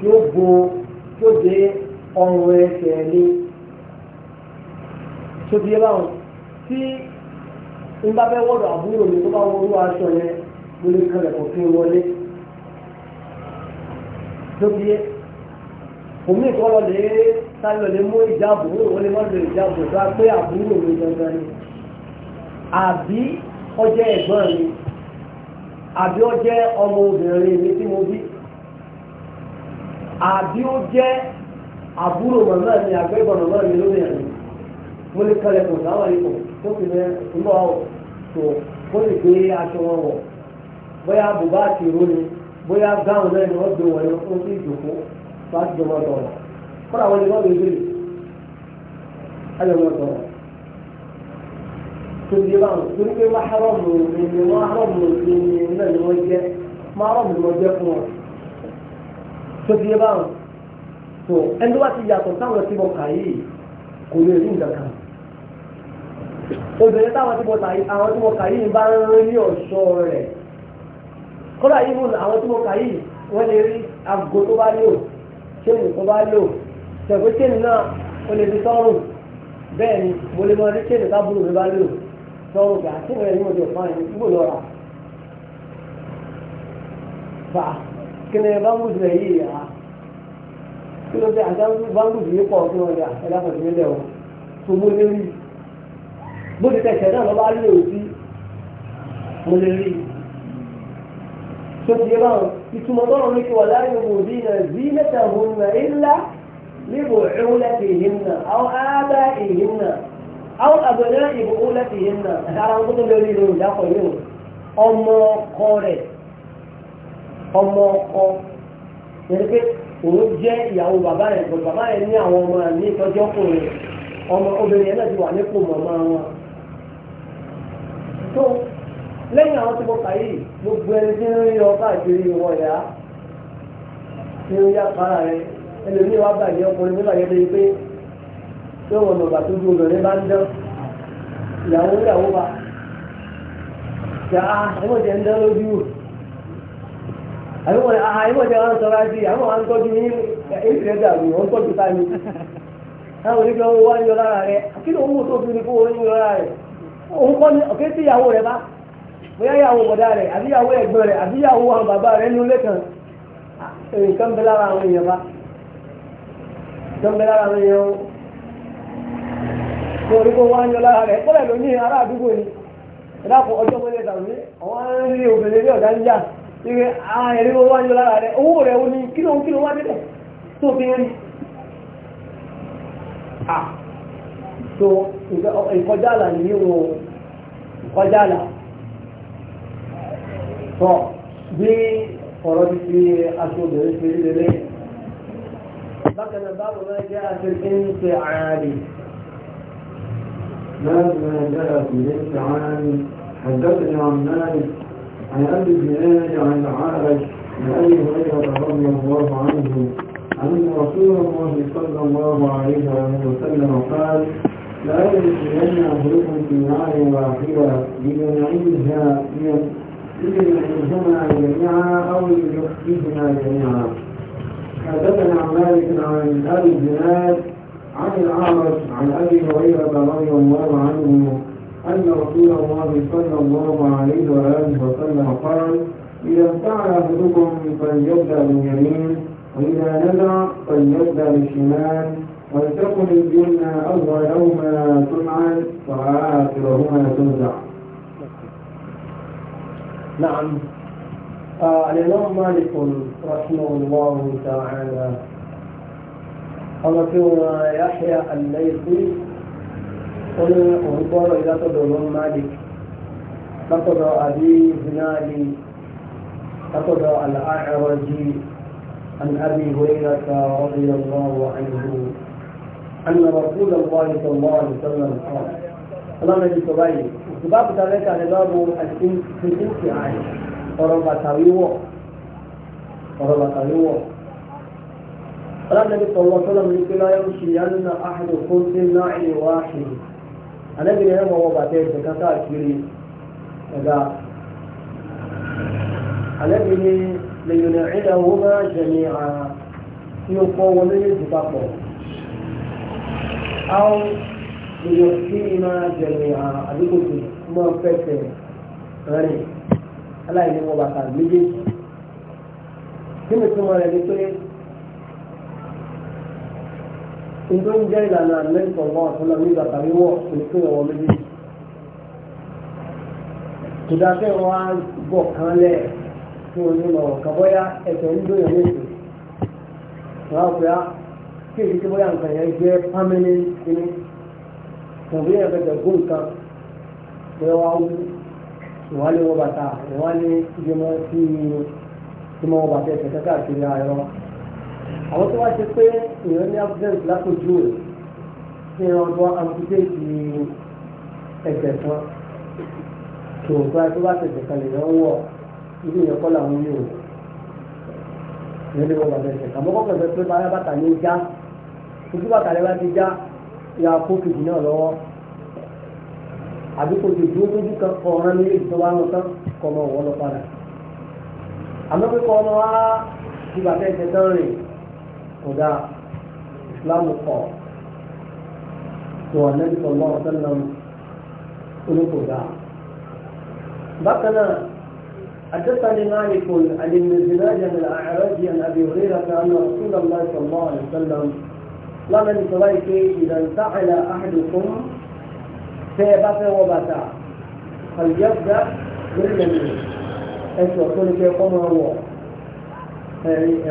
Speaker 2: kó bùbá yóò dé ọrùn ẹsẹ̀ ní tóbi yẹn báwọn tí n bá fẹ́ wọ́dọ̀ àbúrò mi tó bá wọ́n wọ́n aṣọ yẹn mo lè kan ẹ̀kọ́ kí n wọlé tóbi yẹn òmí ìkọlọ lè sáré lè mú ìjáàbò wọ́n lè má lè ìjáàbò tó a pé àbúrò mi gangan ni àbí ọjẹ́ ẹ̀gbọ́n mi àbí ọjẹ́ ọmọ obìnrin mi tí mo bí. àbí ó jẹ́ àbúrò màmá mi àgbẹ̀bọ̀ màmá mi lórí ẹ̀mí mo lè kalẹ̀ kò sáwọn ikọ̀ tó fi mẹ́ tó kó lè gbé aṣọ wọn wọ̀ bóyá bùbá àti ìró ni bóyá gáwọn náà ni wọ́n gbé wọn lọ fún sí ìjòkó láti jọmọ tọ̀rọ̀ kọ́ra wọn ni wọ́n lè gbé ajọmọ tọ̀rọ̀ tóbi bá wọn torí pé rọ̀ mọ̀ ní rọ̀ mọ̀ ní náà ni wọ́n jẹ́ máa rọ̀ mọ̀ ní wọ́n jẹ́ fún wọn. tó ti yé báwọn tó ẹni tó bá ti yàtọ̀ táwọn ti bọ̀ kà yìí kò lè rí nǹkan kan obìnrin táwọn ti bọ̀ kà yìí àwọn tí bọ̀ kà yìí bá ń rí ní ọ̀ṣọ́ rẹ̀ kọ́lá yìí mú àwọn tí bọ̀ kà yìí wọ́n lè rí àgò tó bá lò ṣéènì tó bá lò tẹ̀gbé ṣéènì náà ó lè fi sọ́rùn bẹ́ẹ̀ kí ni bámbùsù rẹ̀ yìí yà á kí ló dé àti bámbùsù yìí pọ̀ kí wọ́n dà ẹ̀dá pàtó nílẹ̀ wọn tó mú lé rí bó ti tẹ̀sẹ̀ náà lọ́ba lé òsì mú lé rí tó ti yé báwọn ìtumọ̀ tọ́rọ̀ ní kí wà láàyè òbí náà zí mẹ́ta òun náà ilá níbo ìrúlẹ̀tìhìn náà àwọn ábá ìhìn náà àwọn àbẹ̀rẹ̀ ìbò ọmọ ọkọ yẹn pé òun jẹ́ ìyàwó bàbá yẹn gbọ́dọ̀ bàbá yẹn ní àwọn ọmọ ní ìtọ́jú ọkùnrin ọmọ obìnrin yẹn náà ti wà nípò mọ̀mọ́ wọn. tó lẹ́yìn àwọn tí mo kà yìí gbogbo ẹni tí ń rí ọ káàkiri ìwọ tí ó yá para rẹ ẹlòmíì wá bàjẹ́ ọkùnrin nígbà yẹn lóye pé tí ó wọnà bàtú ju obìnrin bá ń dán ìyàwó ìyàwó bá. ìyá àwọn ọmọdé ń dán lójú àwọn ọmọ aha ẹ̀mọ́ wọn sọ̀rọ̀ àti àwọn àwọn tọ́jú ní ìrẹsì àrùn wọn tọ́jú ta ni àwọn onígbà wọn wá yọ lára rẹ kí ló ń wò tó fi ni kó wọn lára rẹ òun kọ́ ni ọ̀kẹ́ sí ìyàwó rẹ bá bóyá ìyàwó bọ̀dá rẹ àbí ìyàwó ẹ̀gbọ́n àbí ìwé àwọn ẹ̀rí owó wájú lára rẹ̀ owó rẹ̀ ó ní kílò kílò wá débẹ̀ tó fi rí à tó ìkọjá àlà ní o ìkọjá àlà tọ́ bí ọ̀rọ̀ ti fi aṣọ obìnrin fi rí lélẹ̀ bákan náà báwo náà
Speaker 1: في ذكر عن حدثني عن مالك عن أبي الزناد عن العارج عن أبي هريرة رضي الله عنه أن رسول الله صلى الله عليه وسلم قال لا يدخلن أهلكم في نار واحدة لجميعها لجميعهما جميعا أو ليخفيهما جميعا حدثنا مالك عن أبي الزناد عن العارج عن أبي هريرة رضي الله عنه أن رسول الله صلى الله عليه وآله وسلم قال إذا فعل أحدكم فليبدأ باليمين وإذا نزع فليبدأ بالشمال ولتكن الجنة أولهما تنعل وآخرهما تنزع نعم آه، الإمام مالك رحمه الله تعالى
Speaker 2: قال يحيى الليثي wọ́n ní òun gbọ́rọ̀ ìlàtọ̀dọ̀ lọ́n Malik látọ̀dọ̀ àbí zinari látọ̀dọ̀ al'a'araji an abi hurairata radiyallahu anhu anna rasulullahi sallallahu alaihi wasallam qala Allah nabi sabai sabab tareka ne babu al-insi ai ọ̀rọ̀ bàtà wíwọ̀ ọ̀rọ̀ bàtà wíwọ̀ Allah anábìrin ẹ̀rọ wọn bàtẹ ẹ̀sìn kan káàkiri ẹ̀dá anábìrin lèyìn ẹ̀dá wọn máa jẹ̀mí à tí ó kọ́ wọn lóye jù papọ̀ àwọn lèyìn tí máa jẹ̀mí à àdúgbò tó máa fẹsẹ̀ rẹ̀ aláìní wọn bàtà méjèèjì kí ni tí wọn rẹ̀ ní nítorí ń jẹ́ ìlànà àlẹ́sọ̀ wọn àtúnlá ní bàtà wíwọ̀ ìpín ọ̀wọ́ méjì ìdájọ́ wọn á bọ̀ kan lẹ̀ fún onímọ̀ ọ̀kan bóyá ẹ̀sẹ̀ ń dóyàn lẹ́sẹ̀ wọn á pè á kí èyí tí bóyá nǹkan yẹn jẹ́ pámẹ́lẹ́ kínní tàbí ẹ̀fẹ̀ tẹ̀gbọ́n nǹkan bóyá àwọn tó wá ṣe pé èèyàn ní accident lápòjú rẹ̀ ṣe ọgbọ́n amputate ẹ̀jẹ̀ kan tó ń gbá tó bá tẹ̀jẹ̀ kan lèèyàn wọ̀ ibi ìyẹn kọ́ làwọn yóò lórí wọn bàbá ẹ̀jẹ̀ kan mọ́kọ́ pẹ̀lú pé báyà bàtà ní já ojú bàtà rẹ̀ bá ti já ya kó kejì náà lọ́wọ́ àbí kò ti dúró lójú kan kọ ọ̀ràn ní èyí tó bá lọ tán kọ́ ọmọ òwò lọ padà àmọ́ pé kọ́ ọmọ wa ti bàtà ẹ̀jẹ̀ tán rìn kódà ìsìláàmù kọ̀ tó ànábì sallallahu alaihi wasallam olókòdà. بقنا بقى حدثني مالك عن ابن زناد عن الاعرج عن ابي هريره ان رسول الله صلى الله عليه وسلم لمن سويك اذا انتحل احدكم سيبقى وبتا فليبدا باليمين ايش يقول لك يقوم هو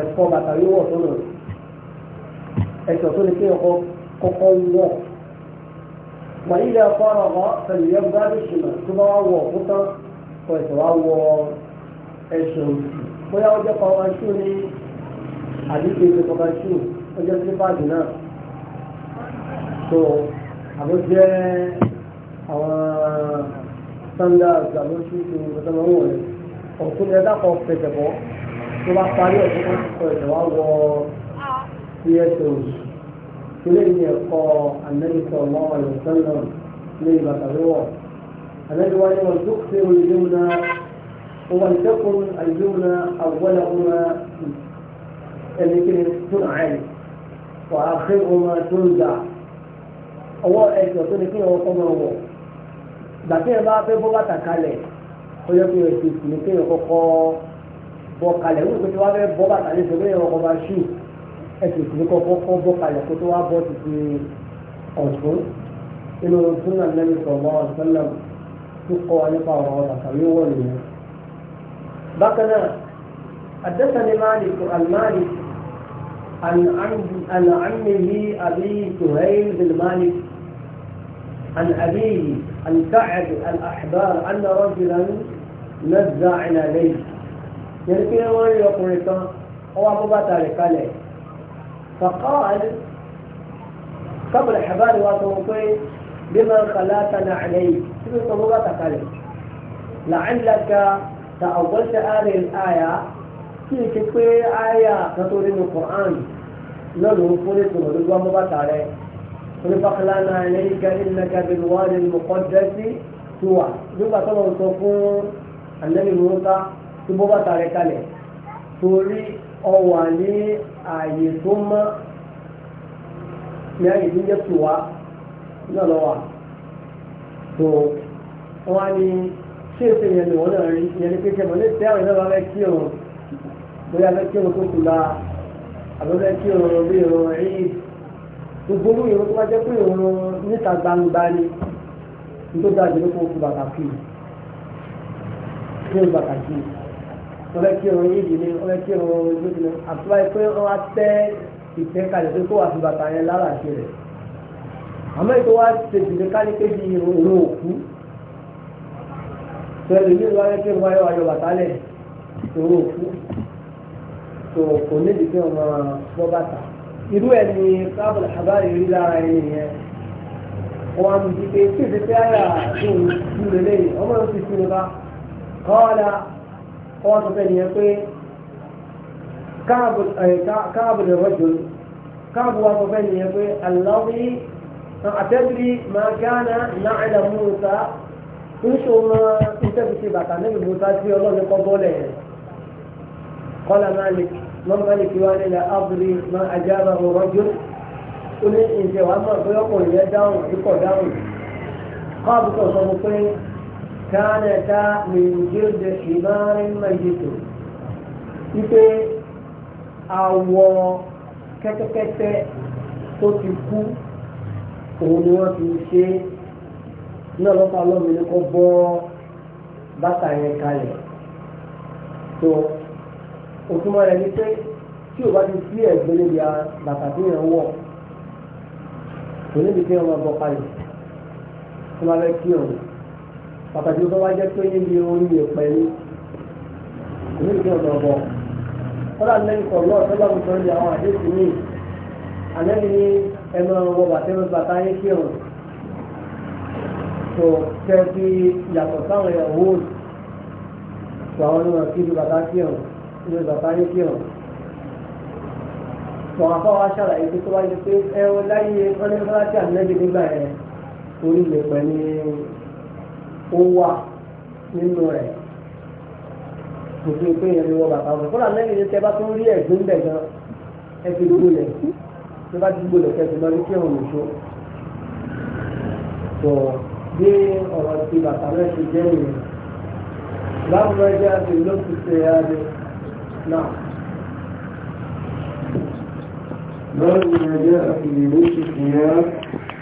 Speaker 2: ẹ̀kọ́ bàtà yóò wọ̀ sọ́nà ẹ̀sọ̀ tó ní kí ọkọ̀ kọ́kọ́ wọ̀ wà ilẹ̀ ọkọ̀ ọ̀rọ̀ pẹ̀lú yẹn bá lè ṣìnà tó bá wọ̀ ọ̀kún tán kọ ẹ̀sọ̀ wá wọ ẹ̀sọ̀ òsì bóyá ó jẹ́ kọ́ba ṣú ní àdíkè ṣe kọ́ba ṣú ó jẹ́ sípàdì náà tó àbó jẹ́ àwọn sandals àbó ṣú ṣe ọ̀tọ́ mọ́ wọ̀ rẹ̀ ọ̀kún ni ẹ dákọ̀ fẹ̀tẹ̀ bọ́ tó bá parí ọ̀kún kọ ẹ̀sọ̀ wá wọ sí ẹsẹ̀ òṣù tí lẹ́yìn ẹ̀kọ́ anẹ́lẹ́sọ̀ ọmọ ọ̀lẹ́sọ̀nà ní ìbàtàlẹ́wọ̀ anẹ́lẹ́wọ̀ ni wọ́n tó ṣe ìlú náà wọ́n tẹ́kùn ìlú náà àwọlẹ̀ ọmọ ẹnikẹ́ni tún àìn wà á fẹ́ ọmọ tó ń dà ọwọ́ ẹ̀sọ̀ tó ní kí wọ́n kọ́ máa wọ̀ gbàtí ẹ bá fẹ́ bọ́ bàtà kalẹ̀ ó yẹ kó yẹ ti sì ní kí wọ́n kọ́kọ́ bọ́ kalẹ̀ wọ́n ti wá fẹ́ bọ́ bàtà ní sọ ẹsẹ̀ ìdílé kọ́kọ́ kọ́ bọ́ kalẹ̀ kó tó wá bọ́ ti di ọ̀tún nínú súnà lẹ́yìn sọ̀rọ̀ ọ̀sánlẹ̀ tó kọ́ wa nípa ọ̀rọ̀ bàtàlẹ́ wọ̀ nìyẹn. bákan náà àdẹ́sẹ̀ni Malik al-Malik عن عمه أبي سهيل بن مالك عن أبيه عن كعب الأحبار أن رجلا نزع على ليل. يمكن أن يقول لك هو أبو فقال قبل حبار واتوقي بما خلاتنا عليه شنو طلباتك عليه لعلك تأولت هذه الآية في كتير آية تطول القرآن لنه فلت ولد ومبات عليه فخلانا عليك إنك بالوادي المقدس توى نبقى طبعا صفور النبي موسى تبقى عليك عليه ọ ní ààyè tó mọ́ ní ààyè tó jẹ́ tùwá náà lọ wà tó ní ṣé èsè yẹn ni wọ́n náà rí ìyẹn ní pé kẹmọ́ ní tẹ́ àwọn ìjọba kí òun bóyá fẹ́ kí òun tó kí òun bí òun rí gbogbo ìrún tó bá pé òun níta gbangba ni ọbẹ̀ kí irun yìí dìde ọbẹ̀ kí irun ojú dìde àtúbà yìí pé wọ́n á tẹ́ ìtẹ́ kalẹ̀ pé kó wà fi bàtà yẹn lára àṣẹ rẹ̀ àmọ́ ètò wa ṣe dìde kálí pé di irun òun òkú tẹ́lẹ̀ ní ìwà yẹn kí irun wáyé wáyé bàtà lẹ̀ irun òkú tó kò ní ìdí pé wọ́n máa bọ́ bàtà irú ẹ̀ ni káàbọ̀ àbáyé rí lára ẹni yẹn wọ́n á mú ti pé tí ìdí pé àyà tó ń lélẹ́yìn ọmọ yóò fi sí ni kọ́ ọ́ wọ́n sọ fẹ́ kwe pé káàbù lè rọ́jò káàbù wa sọ fẹ́ nìyẹn pé aláwí àtẹ́bìrì máa gánà láàrín Musa ń ṣe ìtẹ́bìtì bàtà níbi Musa tí ọlọ́run kọ́ bọ́ọ̀lẹ̀ kọ́lá Malik mọ́n Malik wa nílẹ̀ abúlé máa ajára rọ́jò ó ní ìṣẹ̀wá mọ̀ pé ọkùnrin yẹn dáhùn dáhùn káàbù sọ fún pé kánẹ̀ká mìíràn ìmárin mẹ́jìtò wípé àwọ̀ kẹ́tẹ́kẹ́tẹ́ tó ti kú òun ni wọ́n ti ṣe náà lọ́pàá lọ́mìn ní kó bọ́ bàtà yẹn kalẹ̀ tó òtúmọ̀ rẹ̀ ni pé tí o bá ti sí ẹ̀gbẹ́ níbi bàtà tí yẹn wọ̀ kò níbi tí wọ́n máa bọ́ kalẹ̀ tó máa fẹ́ kí ọ̀hún pàtàkì tó wá jẹ́ pé níbi orí ìpẹ́ ní ìlú ìjọ ọ̀dọ̀bọ̀ kọ́lá lẹ́yìn kọ̀ lọ́ọ̀ tó lọ́ọ̀ tó ń di àwọn àdéhùn ní àlẹ́ni ní ẹnu ọwọ́ bàtẹ́nu bàtà yín kí ọ̀run tó tẹ́ fi yàtọ̀ sáwọn ìyàwó tó àwọn ọmọ kí ìlú bàtà kí ọ̀run ìlú bàtà yín kí ọ̀run tó àfọ́ wa ṣàlàyé tó tó wáyé pé ẹ láyé ọ́nẹ́fọ́lá ó wà nínú rẹ̀ gbogbo pé yẹn ni wọ́n bàbá wọn fúnra lẹ́yìn ní tẹ́ bá tún rí ẹ̀gbọ́n bẹ̀ gan ẹ fi gbolẹ̀ tó bá ti gbolẹ̀ kẹ́ ti lọ ní kí ẹ̀hún nìṣó tó bí ọ̀rọ̀ ti bàtà náà ṣe jẹ́ ìrìn láwọn ọmọ ẹgbẹ́ àti ìlú ti ṣe adé náà.
Speaker 1: باب ما جاء في لبوس الثياب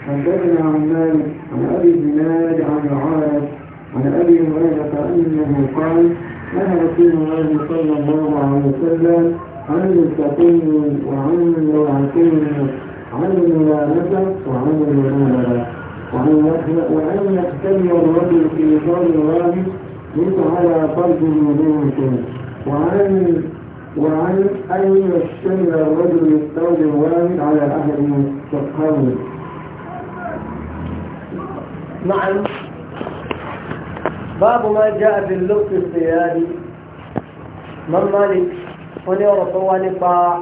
Speaker 1: حدثنا عن مالك عن ابي بلال عن العاص عن أبي هريرة أنه قال نهى رسول الله صلى الله عليه وسلم عن التقين وعن العقيم عن الملامسة وعن الملامسة وأن يحتمي الرجل في دار الله ليس على قلبه المدينة وعن وعن أن يشتمل الرجل الثوب الواحد على أهل الصحابة.
Speaker 2: نعم باب ما جاء في الصيادي من مالك هنا رسول الله با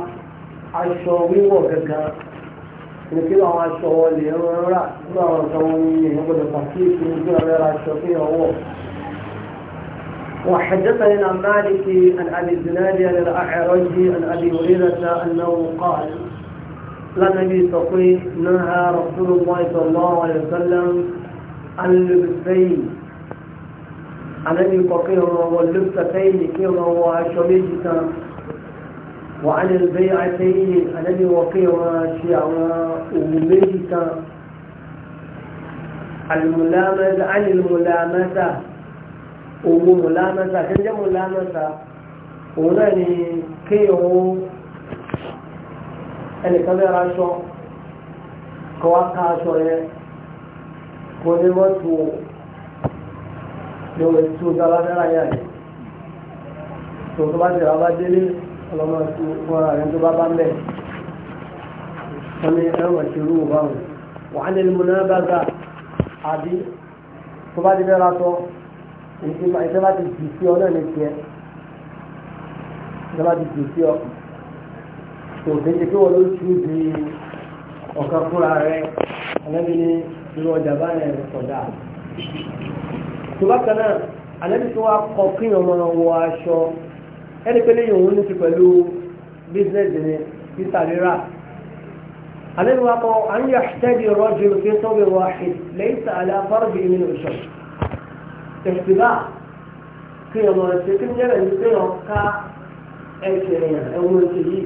Speaker 2: wá وكذا aṣọ هو kankan ní kí àwọn هو wọn lè ń rà nínú àwọn nǹkan مالك عن ابي الزناد عن الاعرج عن ابي هريره انه قال لا نبي تقي نهى رسول الله صلى الله عليه وسلم عن لبسين ànábì kọ kí ọmọ wọn lóṣà sẹ́yìn kí ọmọ wọn aṣọ méjì kan wà á lè gbé àtẹ́yìn ànábì wọ kí ọmọ ṣe àwọn òwú méjì kan alìmùlámẹ́sà alìmùlámẹ́sà òwú mùlámẹ́sà kí ń jẹ́ mùlámẹ́sà òun náà ni kí ọmọ ẹnìkan bẹ́ẹ̀ aṣọ kọ́ wá ká aṣọ yẹn kò ní wọ́n tó lọ́wọ́ tí ó gbára dára yà rẹ̀ tó tó bá jẹ̀rọ bá délé ọlọ́mọ tí wọ́n rà rẹ̀ tó bá bá ń bẹ̀ wọ́n ní ẹ̀wọ̀n ti rú wà wọn wà á nílùú náà bá gbà àbí tó bá ti fẹ́ ra tọ́ ìṣẹ́ di ọ̀kan fúnra rẹ̀ ọ̀lẹ́bí ní irú ọjà báyẹn kọjá tòbákan náà ànábì tó wá kọ kí ọmọ wọ aṣọ ẹni pé lẹ́yìn òun ní ti pẹ̀lú bísíǹsì ni títà rírà ànábì wá kọ à ń yà tẹ́bi rọ́jò fi tóbi wọ àṣì lẹ́yìn tí àlẹ́ afárọ́bì mi ò sọ tẹ̀síbà kí ọmọ ẹ̀sìn kí ń jẹ́ ẹ̀yìn pé ọ̀ka ẹ̀sìn ẹ̀wọ̀n ẹ̀sìn yìí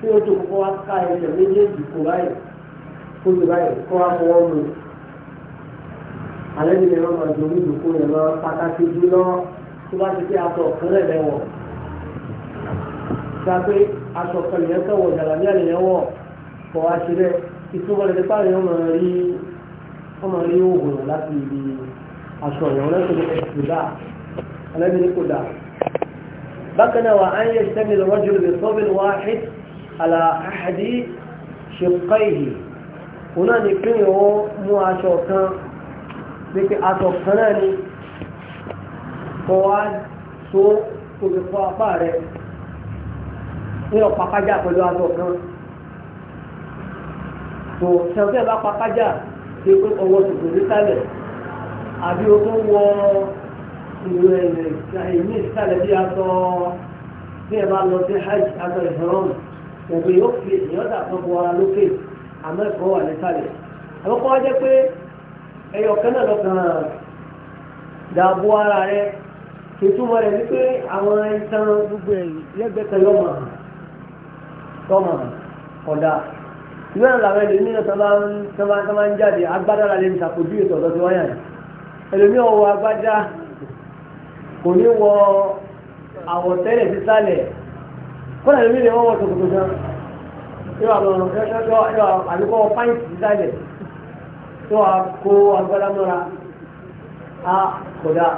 Speaker 2: tí ó tó kọ́ wá ká ẹ̀sìn méjèèjì kó báyìí kó alẹ́ mi lè máa ju onídùúkú yẹn lọ pàtàkì jùlọ tó bá ti fi aṣọ kan rẹ̀ lẹ́wọ̀ gba pé aṣọ kan lèyẹn kẹwọ jàlámíà lèyẹn wọ̀ kọ̀ wá ṣe bẹ́ẹ̀ ìtumọ̀ lè nípa lèyẹn máa rí wọ́n rí oògùn láti ibi aṣọ ìyàwó lẹ́sìn kò dáa alẹ́ mi ní kò dáa. بكن وأن يجتمع الرجل بصوب واحد على أحد شقيه هنا نكون مو عشوكان pé pé aṣọ ni kò wá apá rẹ ní ọ̀pá pẹ̀lú aṣọ kan tó ṣẹ̀fẹ̀ bá pa kájà ṣe pé ọwọ́ tuntun ní sálẹ̀ àbí o tó wọ ìlú ẹ̀mí ìsàlẹ̀ bí aṣọ bí ẹ bá lọ sí hajj aṣọ ìhẹ́rọ́mù yóò fi tó ara lókè àmọ́ ẹ̀kọ́ wà ní sálẹ̀ wá jẹ́ pé. ẹyọ kan náà lọ́kàn dààbò ara rẹ tètúmọ̀ rẹ̀ wípé àwọn ìtàn gbogbo ẹ̀yìn lẹ́gbẹ̀ẹ́ kan yọmọ tọmọ ọ̀dà ìwé náà làwọn ẹlòmíì náà tán bá ń jáde agbádá la lè ń sàkójú ètò ọ̀dọ́ tí wọ́n yàn ẹlòmíì ọ̀wọ́ agbádá kò ní wọ àwọ̀tẹ́lẹ̀ sísàlẹ̀ kọ́nà ẹlòmíì lè wọ́n wọ tòkòtò gan yóò àwọn àbíkọ́ fáìntì sísàlẹ̀ tó a kó agbádá mọ́ra a kódà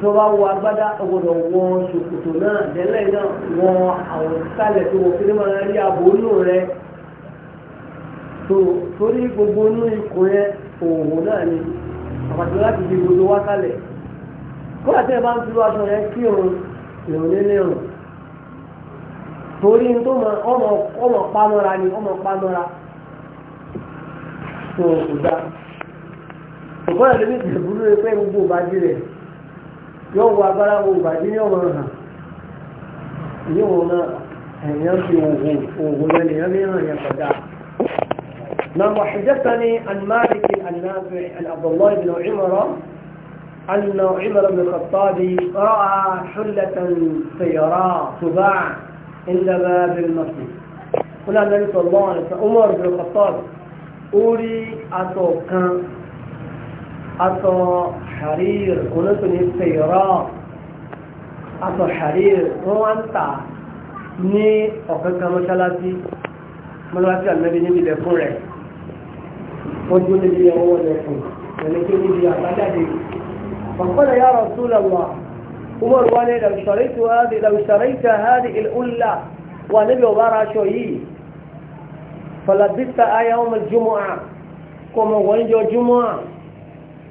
Speaker 2: tó bá wọ agbádá ọgbọdọ̀ wọ ṣòkòtò náà dẹ́lẹ̀ náà wọ àwọn sálẹ̀ tó wọ fún ìmọ̀ràn rí ààbò inú rẹ tó torí gbogbo inú ikùn yẹn òògùn náà ni àpàtàkì láti fi gbogbo wá sálẹ̀ kó àti ẹ̀ bá ń fi aṣọ yẹn kí òun ìrùn nílé rùn torí tó mọ ọmọ pamọ́ra ni ọmọ pamọ́ra. tó kò dá ọ̀pọ̀ ẹ̀lẹ́mí ìpìlẹ̀ burú rẹ pé gbogbo ìbàdí rẹ̀ yóò wọ agbára wo ìbàdí ní ọ̀rọ̀ hàn ní òun náà ẹ̀yàn fi òògùn òògùn lẹ́nu ẹ̀yàn fi yẹn kọjá نعم وحدثني عن مالك النافع عن عبد الله بن عمر أن عمر بن الخطاب رأى حلة سيراء تباع عند باب المسجد قلنا النبي صلى الله عليه وسلم عمر بن الخطاب ó rí aṣọ kan aṣọ harir olóṣù ní fèrọ aṣọ harir wọ́n wá ń tà ní ọ̀kankan mọ́ṣáláṣí mọ́ṣáláṣí àmẹ́bí níbi lẹ́kùn rẹ̀ wọ́n dúró níbi ọwọ́ lẹ́kùn pẹ̀lú pé níbi àbájáde فقال يا رسول الله عمر وانا لو شريت هذه لو شريت هذه الأولى ونبي وبارا شويه فلبست يوم الجمعة كما وانجو جمعة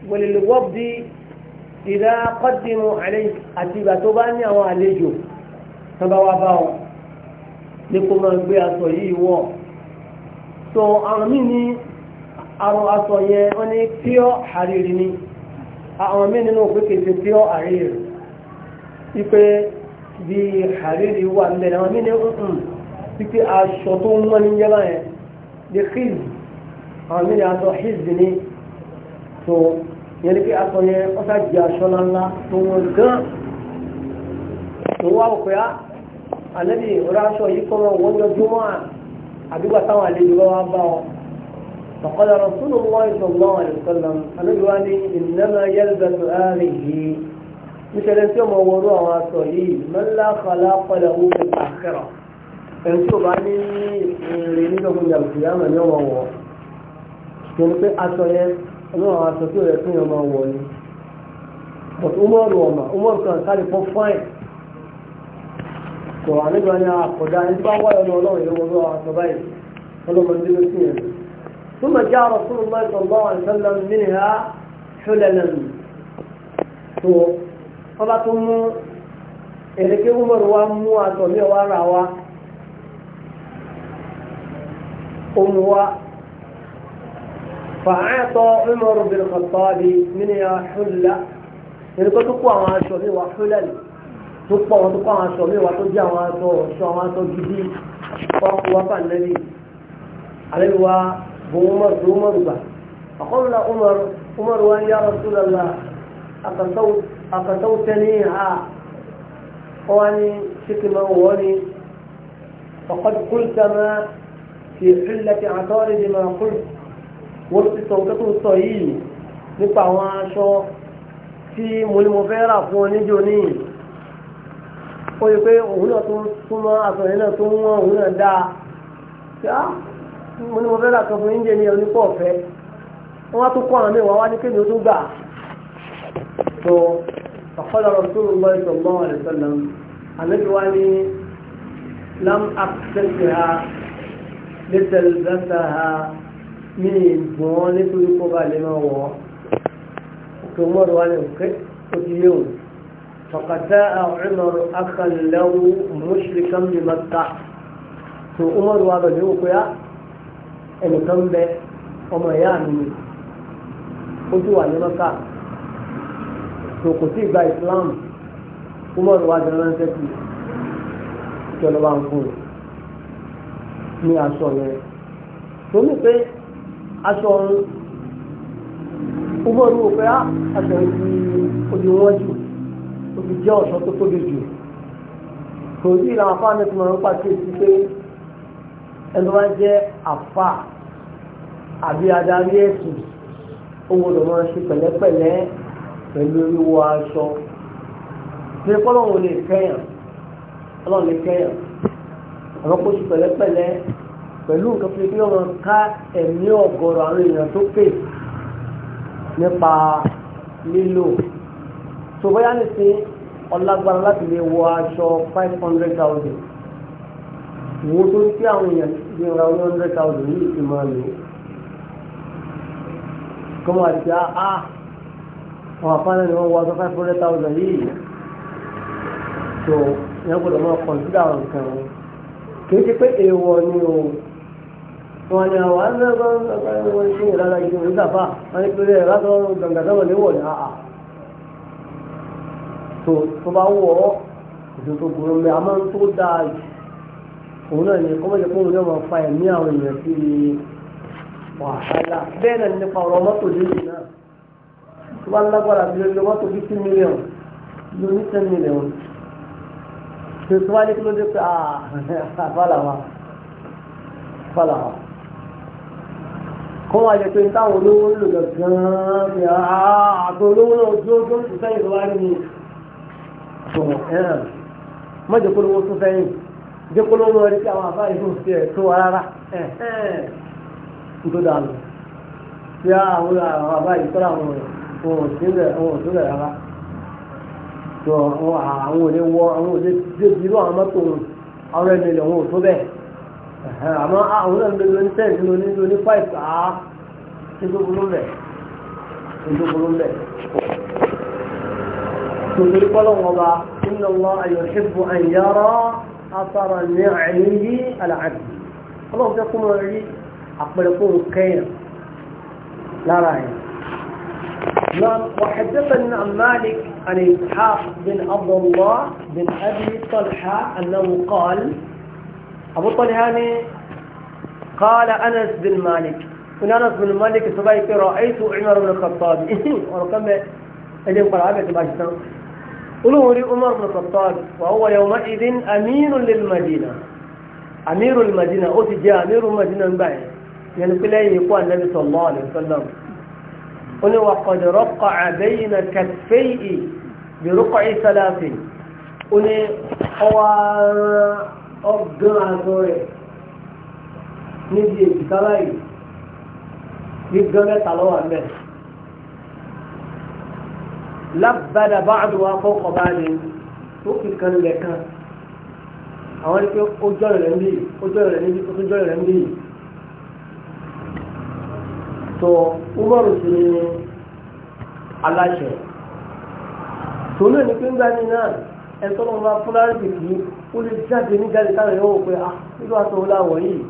Speaker 2: وللوفد إذا قدموا عليك أتيبا تباني أو عليجو تبوا باو لكم أنبياء صيي و so àwọn míì ní àwọn aṣọ yẹn wọ́n ní pure hariri ni àwọn míì nínú òpin kèsè pure hariri ipe bí hariri wà nílẹ̀ àwọn míì ní pípé aṣọ tó ń mọ́ ní yẹ́bà yẹn lè kíìlì àwọn mílì aṣọ hìzì ni tó yẹn ni pé aṣọ yẹn ó ṣàjì aṣọ ńláńlá tó wọn gan tó wá òpè á ah, ànábì ọ̀rọ̀ aṣọ yìí kọ́ wọn wọ́n yọjú mọ́ àdúgbò táwọn àlejò bá wá bá ọ. فقال رسول الله صلى الله عليه وسلم أنا جواني إنما يلبس آله مثل أنت يوم وروع وصلي من لا خلاق له في الآخرة ẹni tí ò bá ní ìrìn nígbàgbọ́n ìyàgbọ́n ìyàmọ̀ ni ọmọ wọ̀ kí ni pé aṣọ yẹn ọmọ àwọn aṣọ tí ò yẹ kí ni ọmọ wọ̀ ni but umaru ọmọ umaru kan kárí fún fine tó ànígbà ni àkọ́dá ẹni tí bá wáyọ̀ ní ọlọ́run yìí wọ́n lọ́wọ́ aṣọ báyìí ọlọ́mọdé ló sì yẹn ثم جاء رسول الله صلى الله عليه وسلم منها حللا tó ọba عمر mú èrèké umaru wa أموة فأعطى عمر بن الخطاب من يا حلة يعني كنت تقوى مع شومي وحلل تقوى وتقوى مع شومي وتجي مع شومي وتجي وقوى النبي عليه هو عمر عمر بقى فقلنا عمر عمر وان يا رسول الله أقصوت أقصوتنيها واني شكما واني فقد قلت ما في حلة عطارد ما قلت wọ́n ti sọ nǹkan tó sọ yìí nípa àwọn aṣọ tí mo ní mo fẹ́ rà fún ọ níjó ní ó yẹ pé òun náà tó súnmọ́ aṣọ yẹn náà tó ń wọ́n òun náà dáa ṣé á mo ní mo fẹ́ rà kan fún yíjẹ ní onípọ̀ ọ̀fẹ́ wọ́n wá tó kọ́ àwọn mẹ́wàá wá ní kéde ó tó gbà tó ọ̀kọ́dọ̀ ọ̀rọ̀ tó ń lọ ìṣọ̀gbọ́n ọ̀rẹ́sọ̀lọ́m àlejò wá ní lam akṣẹ́ṣẹ́ ha. lẹ́tẹ̀lẹ́sàá ní ìgbọ́n nítorí kó bá lè máa wọ́ òkè mọ́rọ̀ wálé òkè ó ti yé òun tọ̀kàtà Umar akànlẹ́wò mushrikan bi Makkah tó mọ́rọ̀ wálé òkè òkè á ẹnìkan bẹ ọmọ ìyá mi ó ti wà ní Makkah tó kò sí ìgbà ìsìlámù ìjọba ń fún un. ní aṣọ yẹn tó ní pé aṣọ ọ̀run ah, ó mọ̀ ní òpé aṣọ ìdí odi wọn jù odi jẹ́ ọ̀ṣọ́ tó tóbi jù kò sí ìlànà afá ní ti mọ̀ nípa sí èsì pé ẹni wá jẹ́ afá àbí adarí ẹ̀sùn ó gbọdọ̀ máa ṣe pẹ̀lẹ́pẹ̀lẹ́ pẹ̀lú wíwọ̀ aṣọ. Ṣé kọ́lọ́hún lè kẹ́yàn? Ọlọ́run lè kẹ́yàn àwọn kó ṣe pẹ̀lẹ́pẹ̀lẹ́ pẹ̀lú nǹkan tó fi ọmọ ká ẹ̀mí ọ̀gọ̀rọ̀ àwọn èèyàn tó pè nípa lílò tó bóyá nìsín ọlágbára láti lè wọ aṣọ five hundred thousand wo tó ń kí àwọn èèyàn lè ra one hundred thousand yìí ti máa lò kọ́mọ àti àá àwọn àpáńdà ni wọ́n wọ aṣọ five hundred thousand yìí tó yẹn gbọ́dọ̀ máa kọ̀ǹsídà àwọn wọn kì í pé èèwọ̀ ni o wọn ni àwọn ẹgbẹ́ wọn ṣe ìlànà yìí ní ìgbàfà wọn ni pẹ̀lú ẹ̀ látọ̀ gbàngàn náà wọlé wọ̀ ní àà tó bá wọ̀ ọ́ ìṣòro tó mi àmọ́ tó dáa jù òun náà ni kọ́mọ̀jẹ̀ kó wọlé wọn fa ẹ̀mí àwọn èèyàn sí wàhálà bẹ́ẹ̀ náà nípa ọ̀rọ̀ mọ́tò lónìí náà tó bá lágbára bí lórí mọ́tò fifty million lóní ten million tó tó wá ní kí ló dé pé àfàlàwà ah, fàlàwà kọ́ wá jẹ́ pé táwọn olówó ń lò lọ gan-an ní ah, àtò olówó náà ojú ojú oṣù sẹ́yìn tó wá rí ni tòun ẹ̀ràn má jẹ́ polówó tó sẹ́yìn jẹ́ polówó rí pé àwọn àbáyé tó ń fi ẹ̀ tó wá rárá ń tó dànù bí ah, àwọn àbáyé tó ra wọn ò sí rẹ̀ rárá tó àwọn àwọn òde wọ àwọn òde débi irú àwọn mọ́tò ọ̀rọ̀ ẹni lè wọn ò tó bẹ́ẹ̀ àmọ́ àwọn náà ń lo ní ten ní oní ní five àá ṣe tó burú bẹ̀ ṣe tó burú bẹ̀. tòtòrí kọ́lọ́ wọn bá inna Allah yuhibbu an yara athara ni'amihi ala 'abdi ọlọ́run fẹ́ kó máa rí àpẹẹrẹ kó lára yẹn. náà wàhẹ́dẹ́gbẹ̀ẹ́ ní àmàlẹ́kì عن إسحاق بن عبد الله بن أبي طلحة أنه قال أبو طلحة قال أنس بن مالك من أنس بن مالك سبايك رأيت عمر بن الخطاب ورقم أجل قرابة باشتر قلوري عمر بن الخطاب وهو يومئذ أمير للمدينة أمير المدينة أو تجي أمير المدينة بعد يعني كل يقول النبي صلى الله عليه وسلم قل وقد رقع بين كفيه bẹ̀rùkọ̀ ìsàdáfì ó ní ọwà ọgbọ́n àgọ́ rẹ̀ níbi èjìká báyìí gbígbọ́n mẹ́ta lọ́wọ́ mẹ́ lábàdà bá àdùwà fọ́kọ̀ bá ní tó fi kan lẹ̀ kan àwọn ẹni pé ó tòun náà ni pé ń gbá ní náà ẹ̀tọ́ lọ́wọ́ bá fúlárí kìkì ó lè jáde ní jáde táwọn yóò pé ah nínú aṣọ wo láwọ̀ yìí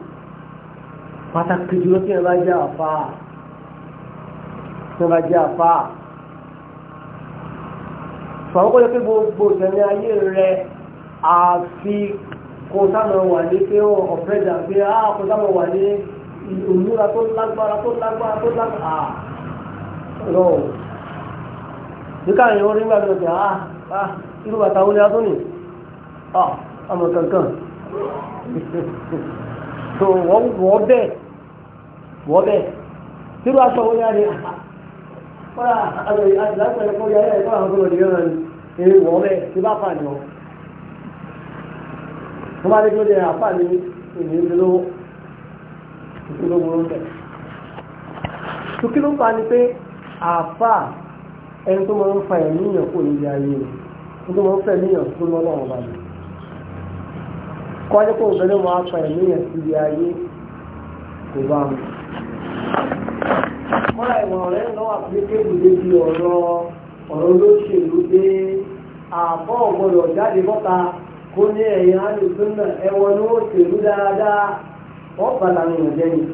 Speaker 2: pàtàkì jùlọ tí ẹ bá jẹ́ àfa tí ẹ bá jẹ́ àfa sọ̀rọ̀ kó lè pé gbogbo ìtẹ̀lé ayé rẹ̀ àfi kó sáwọn wà ní pé ọ̀pẹ́dà pé ah kó sáwọn ni, ní òmúra tó lágbára tó lágbára tó lágbára ah lọ́wọ́ bíkà yẹn orí nígbà tó ti irú bàtà wọlé ató ni kankan tó wọ́n wọ́ bẹ́ẹ̀ wọ́ irú aṣọ wọlé adé kọ́ra àgbẹ̀ àtìláṣẹ̀ ẹ̀kọ́ yára ẹ̀kọ́ àwọn tó lọ sí ni èyí wọ́ tí bá fà ní ọ. wọ́n bá dé kí ló ní èmi ń lówó tó kí ló ń fa ni pé àfà ẹni tó máa ń fa ẹ̀mí èèyàn kò nílé ayé rẹ̀ ẹni tó máa ń fa ẹ̀mí èèyàn tó lọ́nà ọ̀bà rẹ̀ kọ́jú kò gbẹ́lẹ́ wọn á fa ẹ̀mí èèyàn sí ilé
Speaker 1: ayé kò bá mu. kọ́lá ìmọ̀ràn rẹ̀ lọ́wọ́
Speaker 2: àpilẹ́kẹ́bù débi ọ̀rọ̀ ọ̀rọ̀ olóṣèlú pé àbọ̀ ọ̀gbọ́dọ̀ jáde bọ́ta kó ní ẹ̀yìn alùpùpù ẹ̀wọ̀n ní ó dáadáa wọ́n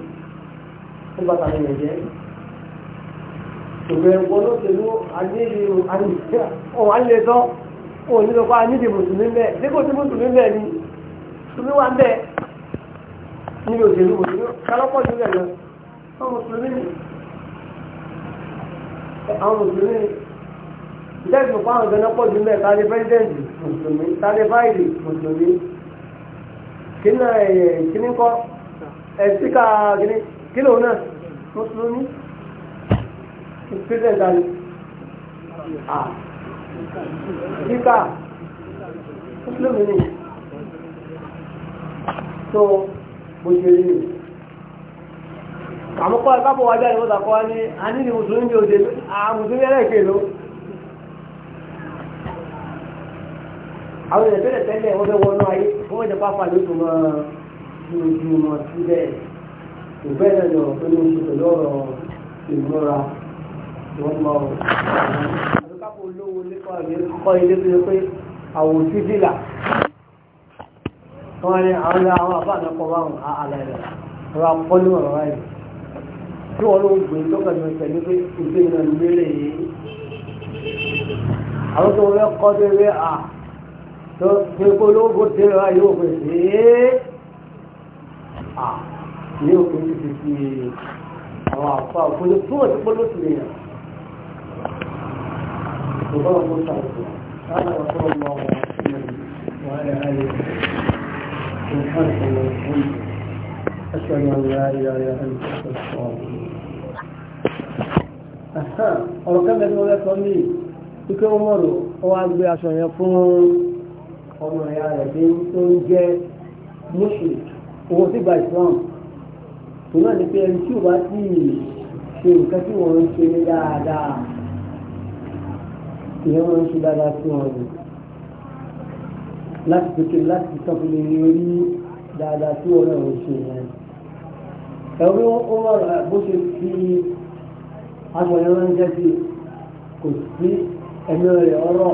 Speaker 2: ṣùgbọ́n ẹ̀wọ̀n ló pẹ̀lú àdéhùn ọ̀hún àlẹ́sọ́ òun nílò pa nídìí mùsùlùmí bẹ́ẹ̀ dípò tí mùsùlùmí bẹ́ẹ̀ ni mùsùlùmí wà ń bẹ́ẹ̀ níbi òṣèlú mùsùlùmí kálọ́pọ̀ jù bẹ́ẹ̀ lọ àwọn mùsùlùmí ni àwọn mùsùlùmí ni ìjẹ́sùn fún àwọn ìgbẹ́nà pọ̀ jù bẹ́ẹ̀ tálẹ́ pẹ́sidẹ́ǹtì mùsùlùmí tálẹ́ fáìlì mùsùlùmí kí ni eh, kọ́ ẹ̀ eh, síkà kí ni kí mùsùlùmí ìpínlẹ̀ dání à kíkà mùsùlùmí ni tó gbogbo èyí ni àmúkọ́ ìpapọ̀ wájá ni wọ́n tàkọ́ ní a ní ni mùsùlùmí bí òde àmùsùlùmí ẹlẹ́ẹ̀kẹ́ ló àwọn èèyàn tẹ́lẹ̀ tẹ́lẹ̀ wọ́n fẹ́ wọnú ayé wọ́n jẹ pápá ló tó máa ju ojú wọn síbẹ̀ ìbẹ́ẹ̀ náà lọ pé ní oṣù pẹ̀lú ọ̀rọ̀ ìmúra wọ́n mọ̀ ọ́ àdókápò olówó lẹ́kọ̀ọ́ àbí kọ́ ilé tó yẹ pé àwò sí dìlà wọ́n ní àwọn ilé àwọn àbá àná kọ́ báwọn àlẹ́ rẹ̀ rọ àpọ́ ní ọ̀rọ̀ rẹ̀ tí wọ́n ló ń gbé lọ́kàn ní ọ̀sẹ̀ ní pé ìgbé náà ló lé yìí àwọn tó wọlé kọ́ tó wé à tó tó kó lóògùn tó wá yóò pè sí à ní òkè ti àwọn àpá òkúlé tó wọ́n ti pọ́ lóṣù
Speaker 1: وبارك الله تعالى وصلى الله وعلى آله سبحانك اللهم وبحمدك أشهد أن لا إله إلا أنت
Speaker 2: أستغفرك ọ̀rọ̀ kẹ́mẹ́ ni wọ́n fẹ́ sọ ní ike ọmọrò ọwọ́ agbé aṣọ yẹn fún ọmọ ìyá rẹ̀ bí tó ń jẹ́ mùsùlùmí owó sí gba Islam tó náà ní pé ẹni tí ò bá tí ì ṣe nǹkan tí wọ́n ń ṣe ní dáadáa èèyàn máa ń ṣe dáadáa sí wọn jù láti pèké láti tọ́kùnrin ní orí dáadáa tí wọn náà ń ṣe yẹn. ẹ̀rọ ó wà rà bó ṣe fi aṣọ yẹn ránṣẹ́ sí kò sí ẹ̀mí rẹ̀ ọ̀rọ̀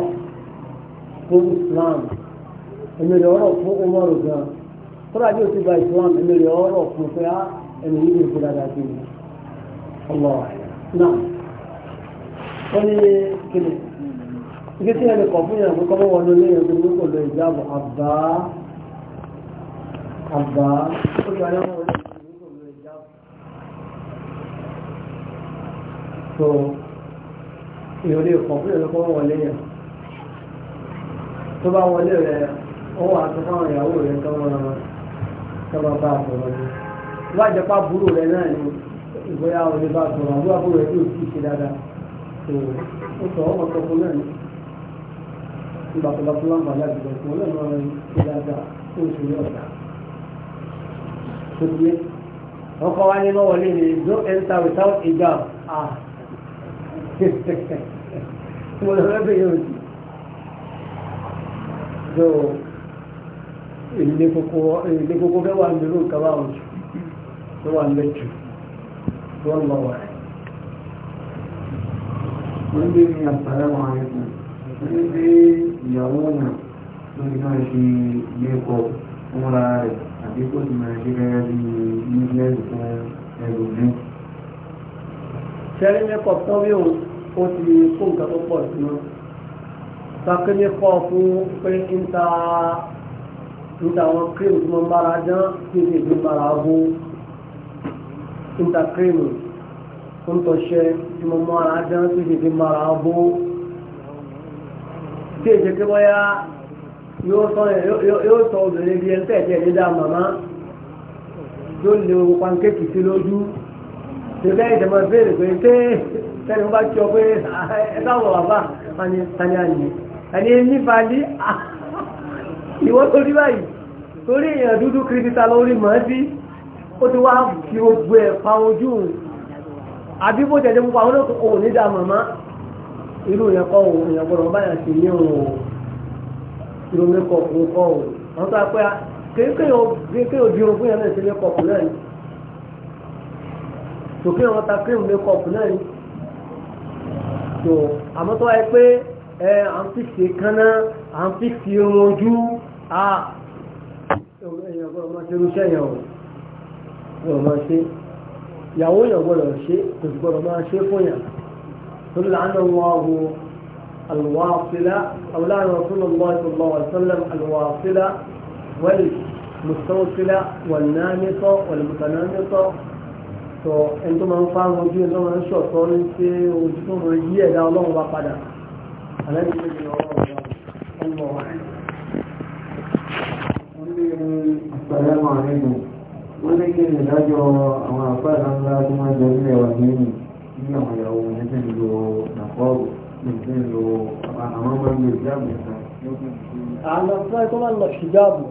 Speaker 2: fún Islam ẹ̀mí rẹ̀ ọ̀rọ̀ fún Umaru gan kódà bí o ti gba Islam ẹ̀mí rẹ̀ ọ̀rọ̀ fún pé ah, ẹ̀mí yìí kò dáadáa sí mi. Allah náà wọ́n ní kíni ike tí ẹnì kan fún yàrá kọ́mọ́ wọn lórí ẹ̀rọ tó kò lọ ìjáàbọ̀ àbá àbá ó ti ayé wọn lórí kò lọ ìjáàbọ̀. tó ìròlé kan fún yàrá kọ́mọ́ wọlé yẹn tó bá wọlé rẹ̀ ó wà tó fáwọn ìyàwó rẹ̀ kọ́mọ́ bá a sọ̀rọ̀ ni wájú pa búrò rẹ̀ náà ni ìgbéyàwó lè bá a sọ̀rọ̀ àbúrò rẹ̀ yóò kí ṣe dáadáa tó ó sọ ọmọ tó náà nígbà tó bá tó láǹfà aláàbò tó wọn náà máa ń ṣe dáadáa tó oṣù ní ọ̀dà tó tiẹ̀ wọn kọ́ wá ní mọ́ wọlé ni don't enter without hijab ah mo lọ rẹ́ bẹ́ẹ̀ yóò jù ilé kókó fẹ́ wà nínú kaba ọ̀jù
Speaker 1: tó wà lẹ́jù tó wà lọ́wọ́ rẹ̀. Wọ́n bí mi àpàrẹ́ wọn àyẹ̀kùn níbi ìyàwó ọ̀nà lórí náà ṣe mékọ̀ fúnra rẹ̀ àbí kó sì máa ṣe gẹ́gẹ́ bí bísíẹ̀sì fún ẹlòmíì.
Speaker 2: ṣẹ́rí mékọ̀ tán bí òun ó ti kó nǹkan tó pọ̀ sí wọn. sàkè mékọ̀ fún pé ń ta ń ta àwọn kírìmù tí wọ́n bára dán kí n sì fi bára bó ń ta kírìmù ń tọ̀ṣẹ́ tí wọ́n mọ́ dán kí n sì fi bára bó tí èsì pé bóyá yóò sọ obìnrin bíi ẹni tẹ̀sí ẹ̀dí dá màmá yóò lè wo pankéèkì sí lójú tẹ̀sí ìdẹ̀mọ̀ béèrè pé ṣé tẹ́lẹ̀ wọ́n bá tí ọ pé ah, ẹ káwọ̀ bàbá àni tani ẹni nípa ní ah, ìwọ́n tó rí báyìí torí èèyàn dúdú kìrìtìta lórí mọ̀ ó ti wá fi gbogbo ẹ̀ pa ojú àbí bó tẹ̀sí gbogbo àwọn olókùnkùn ò ní irú yẹn kọ́ òun yẹn gbọ́dọ̀ báyà sí ní òun irú mi kọ̀ òun kọ́ òun àwọn tó a pé kéèké òdi ogún yẹn náà sí mékọ̀ ọ̀pù náà ni tòkè wọn ta kírìmù mékọ̀ ọ̀pù náà ni tó àmọ́ tó wáyé pé ẹ à ń fífi kánná à ń fífi irun ojú a èèyàn gbọ́dọ̀ máa ṣe irúṣẹ́ yẹn o gbọ́dọ̀ máa ṣe ìyàwó yẹn gbọ́dọ̀ ṣe kò sì gbọ́dọ̀ máa ṣe fún yàrá. قل لعن الله الواصلة أو لعن رسول الله صلى الله عليه وسلم الواصلة والمستوصلة والنامطة والمتنامطة ẹni tó máa ń fáwọn ojú ẹni tó máa ń ṣọ̀tọ̀ ní pé ojú tó máa yí ẹ̀dá ọlọ́run bá padà
Speaker 1: àlẹ́bí méjì ni ọlọ́run bá ọmọ rẹ̀. wọ́n lé ní ìpàdánù àrẹ́gùn wọ́n lé kí ìdájọ́ àwọn àpá ìlànà tó máa jẹ nílẹ̀ wà nínú àwọn ìyàwó wọn ti ń lo nàkọ́ọ̀bù ti ń lo àwọn ọmọ ìlú ìjáàbù nìkan.
Speaker 2: àwọn ọ̀sán tó máa ń lọ ṣìjáàbù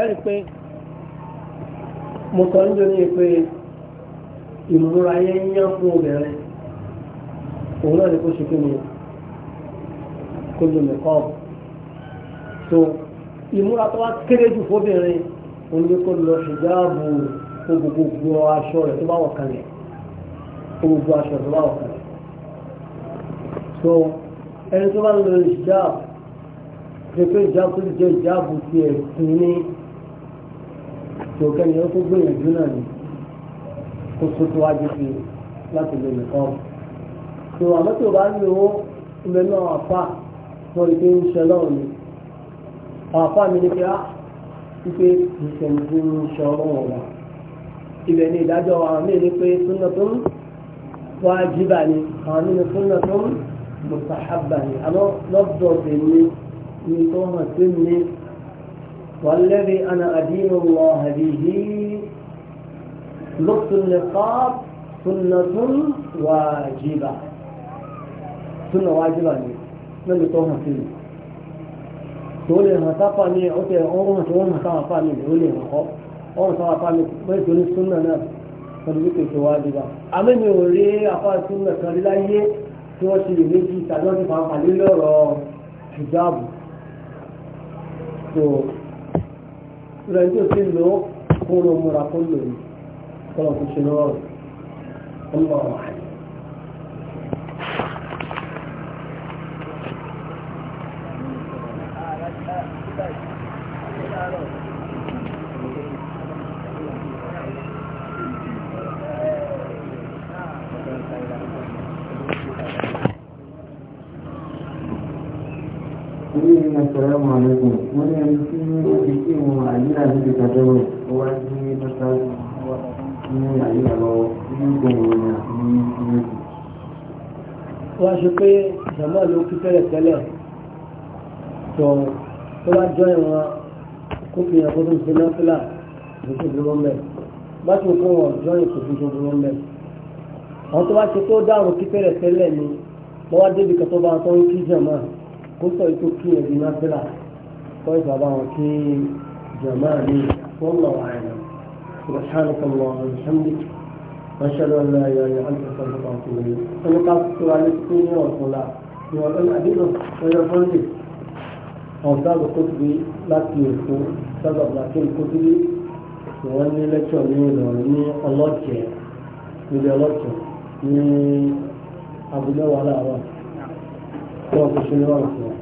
Speaker 2: ẹ̀rí pé mo sọ níjọ ní pé ìmúra yẹn yán fún obìnrin òun náà ni kó ṣe kí ni kó lo nàkọ́ọ̀bù tó ìmúra tó wá kéré jù fóbìnrin òun ni kó lọ ṣìjáàbù fún gbogbo aṣọ rẹ̀ tó bá wọ̀ kalẹ̀ fún gbogbo aṣọ tó bá wọ̀kọ̀ so ẹni tó bá ń lo ìjáàbù ṣe pé ìjáàbù tó ti jẹ́ ìjáàbù ti ẹ̀sìn ní tòkẹ́ni ó tó gbìyànjú náà ni kó tó tó wájú sí láti lè nìkan so àmọ́ tó bá ń lo ìmẹ́nu àwọn àfà wọ́n rí pé ń ṣe lọ́rùn ni àwọn àfà mi ní pé á ah, wípé ìṣẹ̀lẹ̀ ń ṣe ọlọ́wọ̀n wa ibẹ̀ ni ìdájọ́ wájibà ni àwọn nínú súnà tó ń mùsàhábà ni àmọ́ lọ́dọ̀ tèmi ni tó hàn sí mi والذي أنا أدين الله به لبس النقاب سنة واجبة سنة واجبة ni lẹ́nu tó hàn sí mi tó lè hàn sáfà ní ọ̀tẹ̀ ọ̀hún tó hàn sáfà ní ìlú lè hàn ọ́ ọ̀hún sáfà ní pé ní súnà náà pẹ̀lú wípé tó wá dé bá. àmì mi ò rí afá tí ń nàkan rí láyé tí wọ́n ṣe lè méjì tàbí wọ́n ti fà ń pàdé lọ́rọ̀ ìjáàbù. tó rẹ̀ tó ti lò ó kó múra kó lò ní kọ́lọ̀ kó ṣe lọ́rọ̀ ọmọ ṣe pé jàmáà ló kí tẹ́lẹ̀ tẹ́lẹ̀ tó tó bá jọ ìwọn kó fi hàn kó tó ṣe náfìlà kò tó dúró mẹ́ bá tó kó wọn jọ ìkò tó mẹ́ àwọn tó bá ṣe tó dáhùn kí tẹ́lẹ̀ tẹ́lẹ̀ ni wọ́n wá débi kan tó bá tó ń kí jàmáà kó sọ ètò kí ẹ̀ di náfìlà
Speaker 1: kó ìfàbà wọn kí jàmáà ní wọ́n lọ́wọ́ àyàn. سبحانك اللهم وبحمدك وأشهد أن لا إله إلا أنت أستغفرك وأتوب إليك فنقاط سؤال
Speaker 2: السنة وصلى الله يقول أبي ويقول لي أوصال لا تيكون سبب لكن القطبي wọ́n ní lẹ́kṣọ̀ ní
Speaker 1: ìlọrin ní ọlọ́kẹ̀ níbi ọlọ́kẹ̀ ní abúlé الله wọn tó ọkùnrin ní ọ̀rọ̀ fún wọn.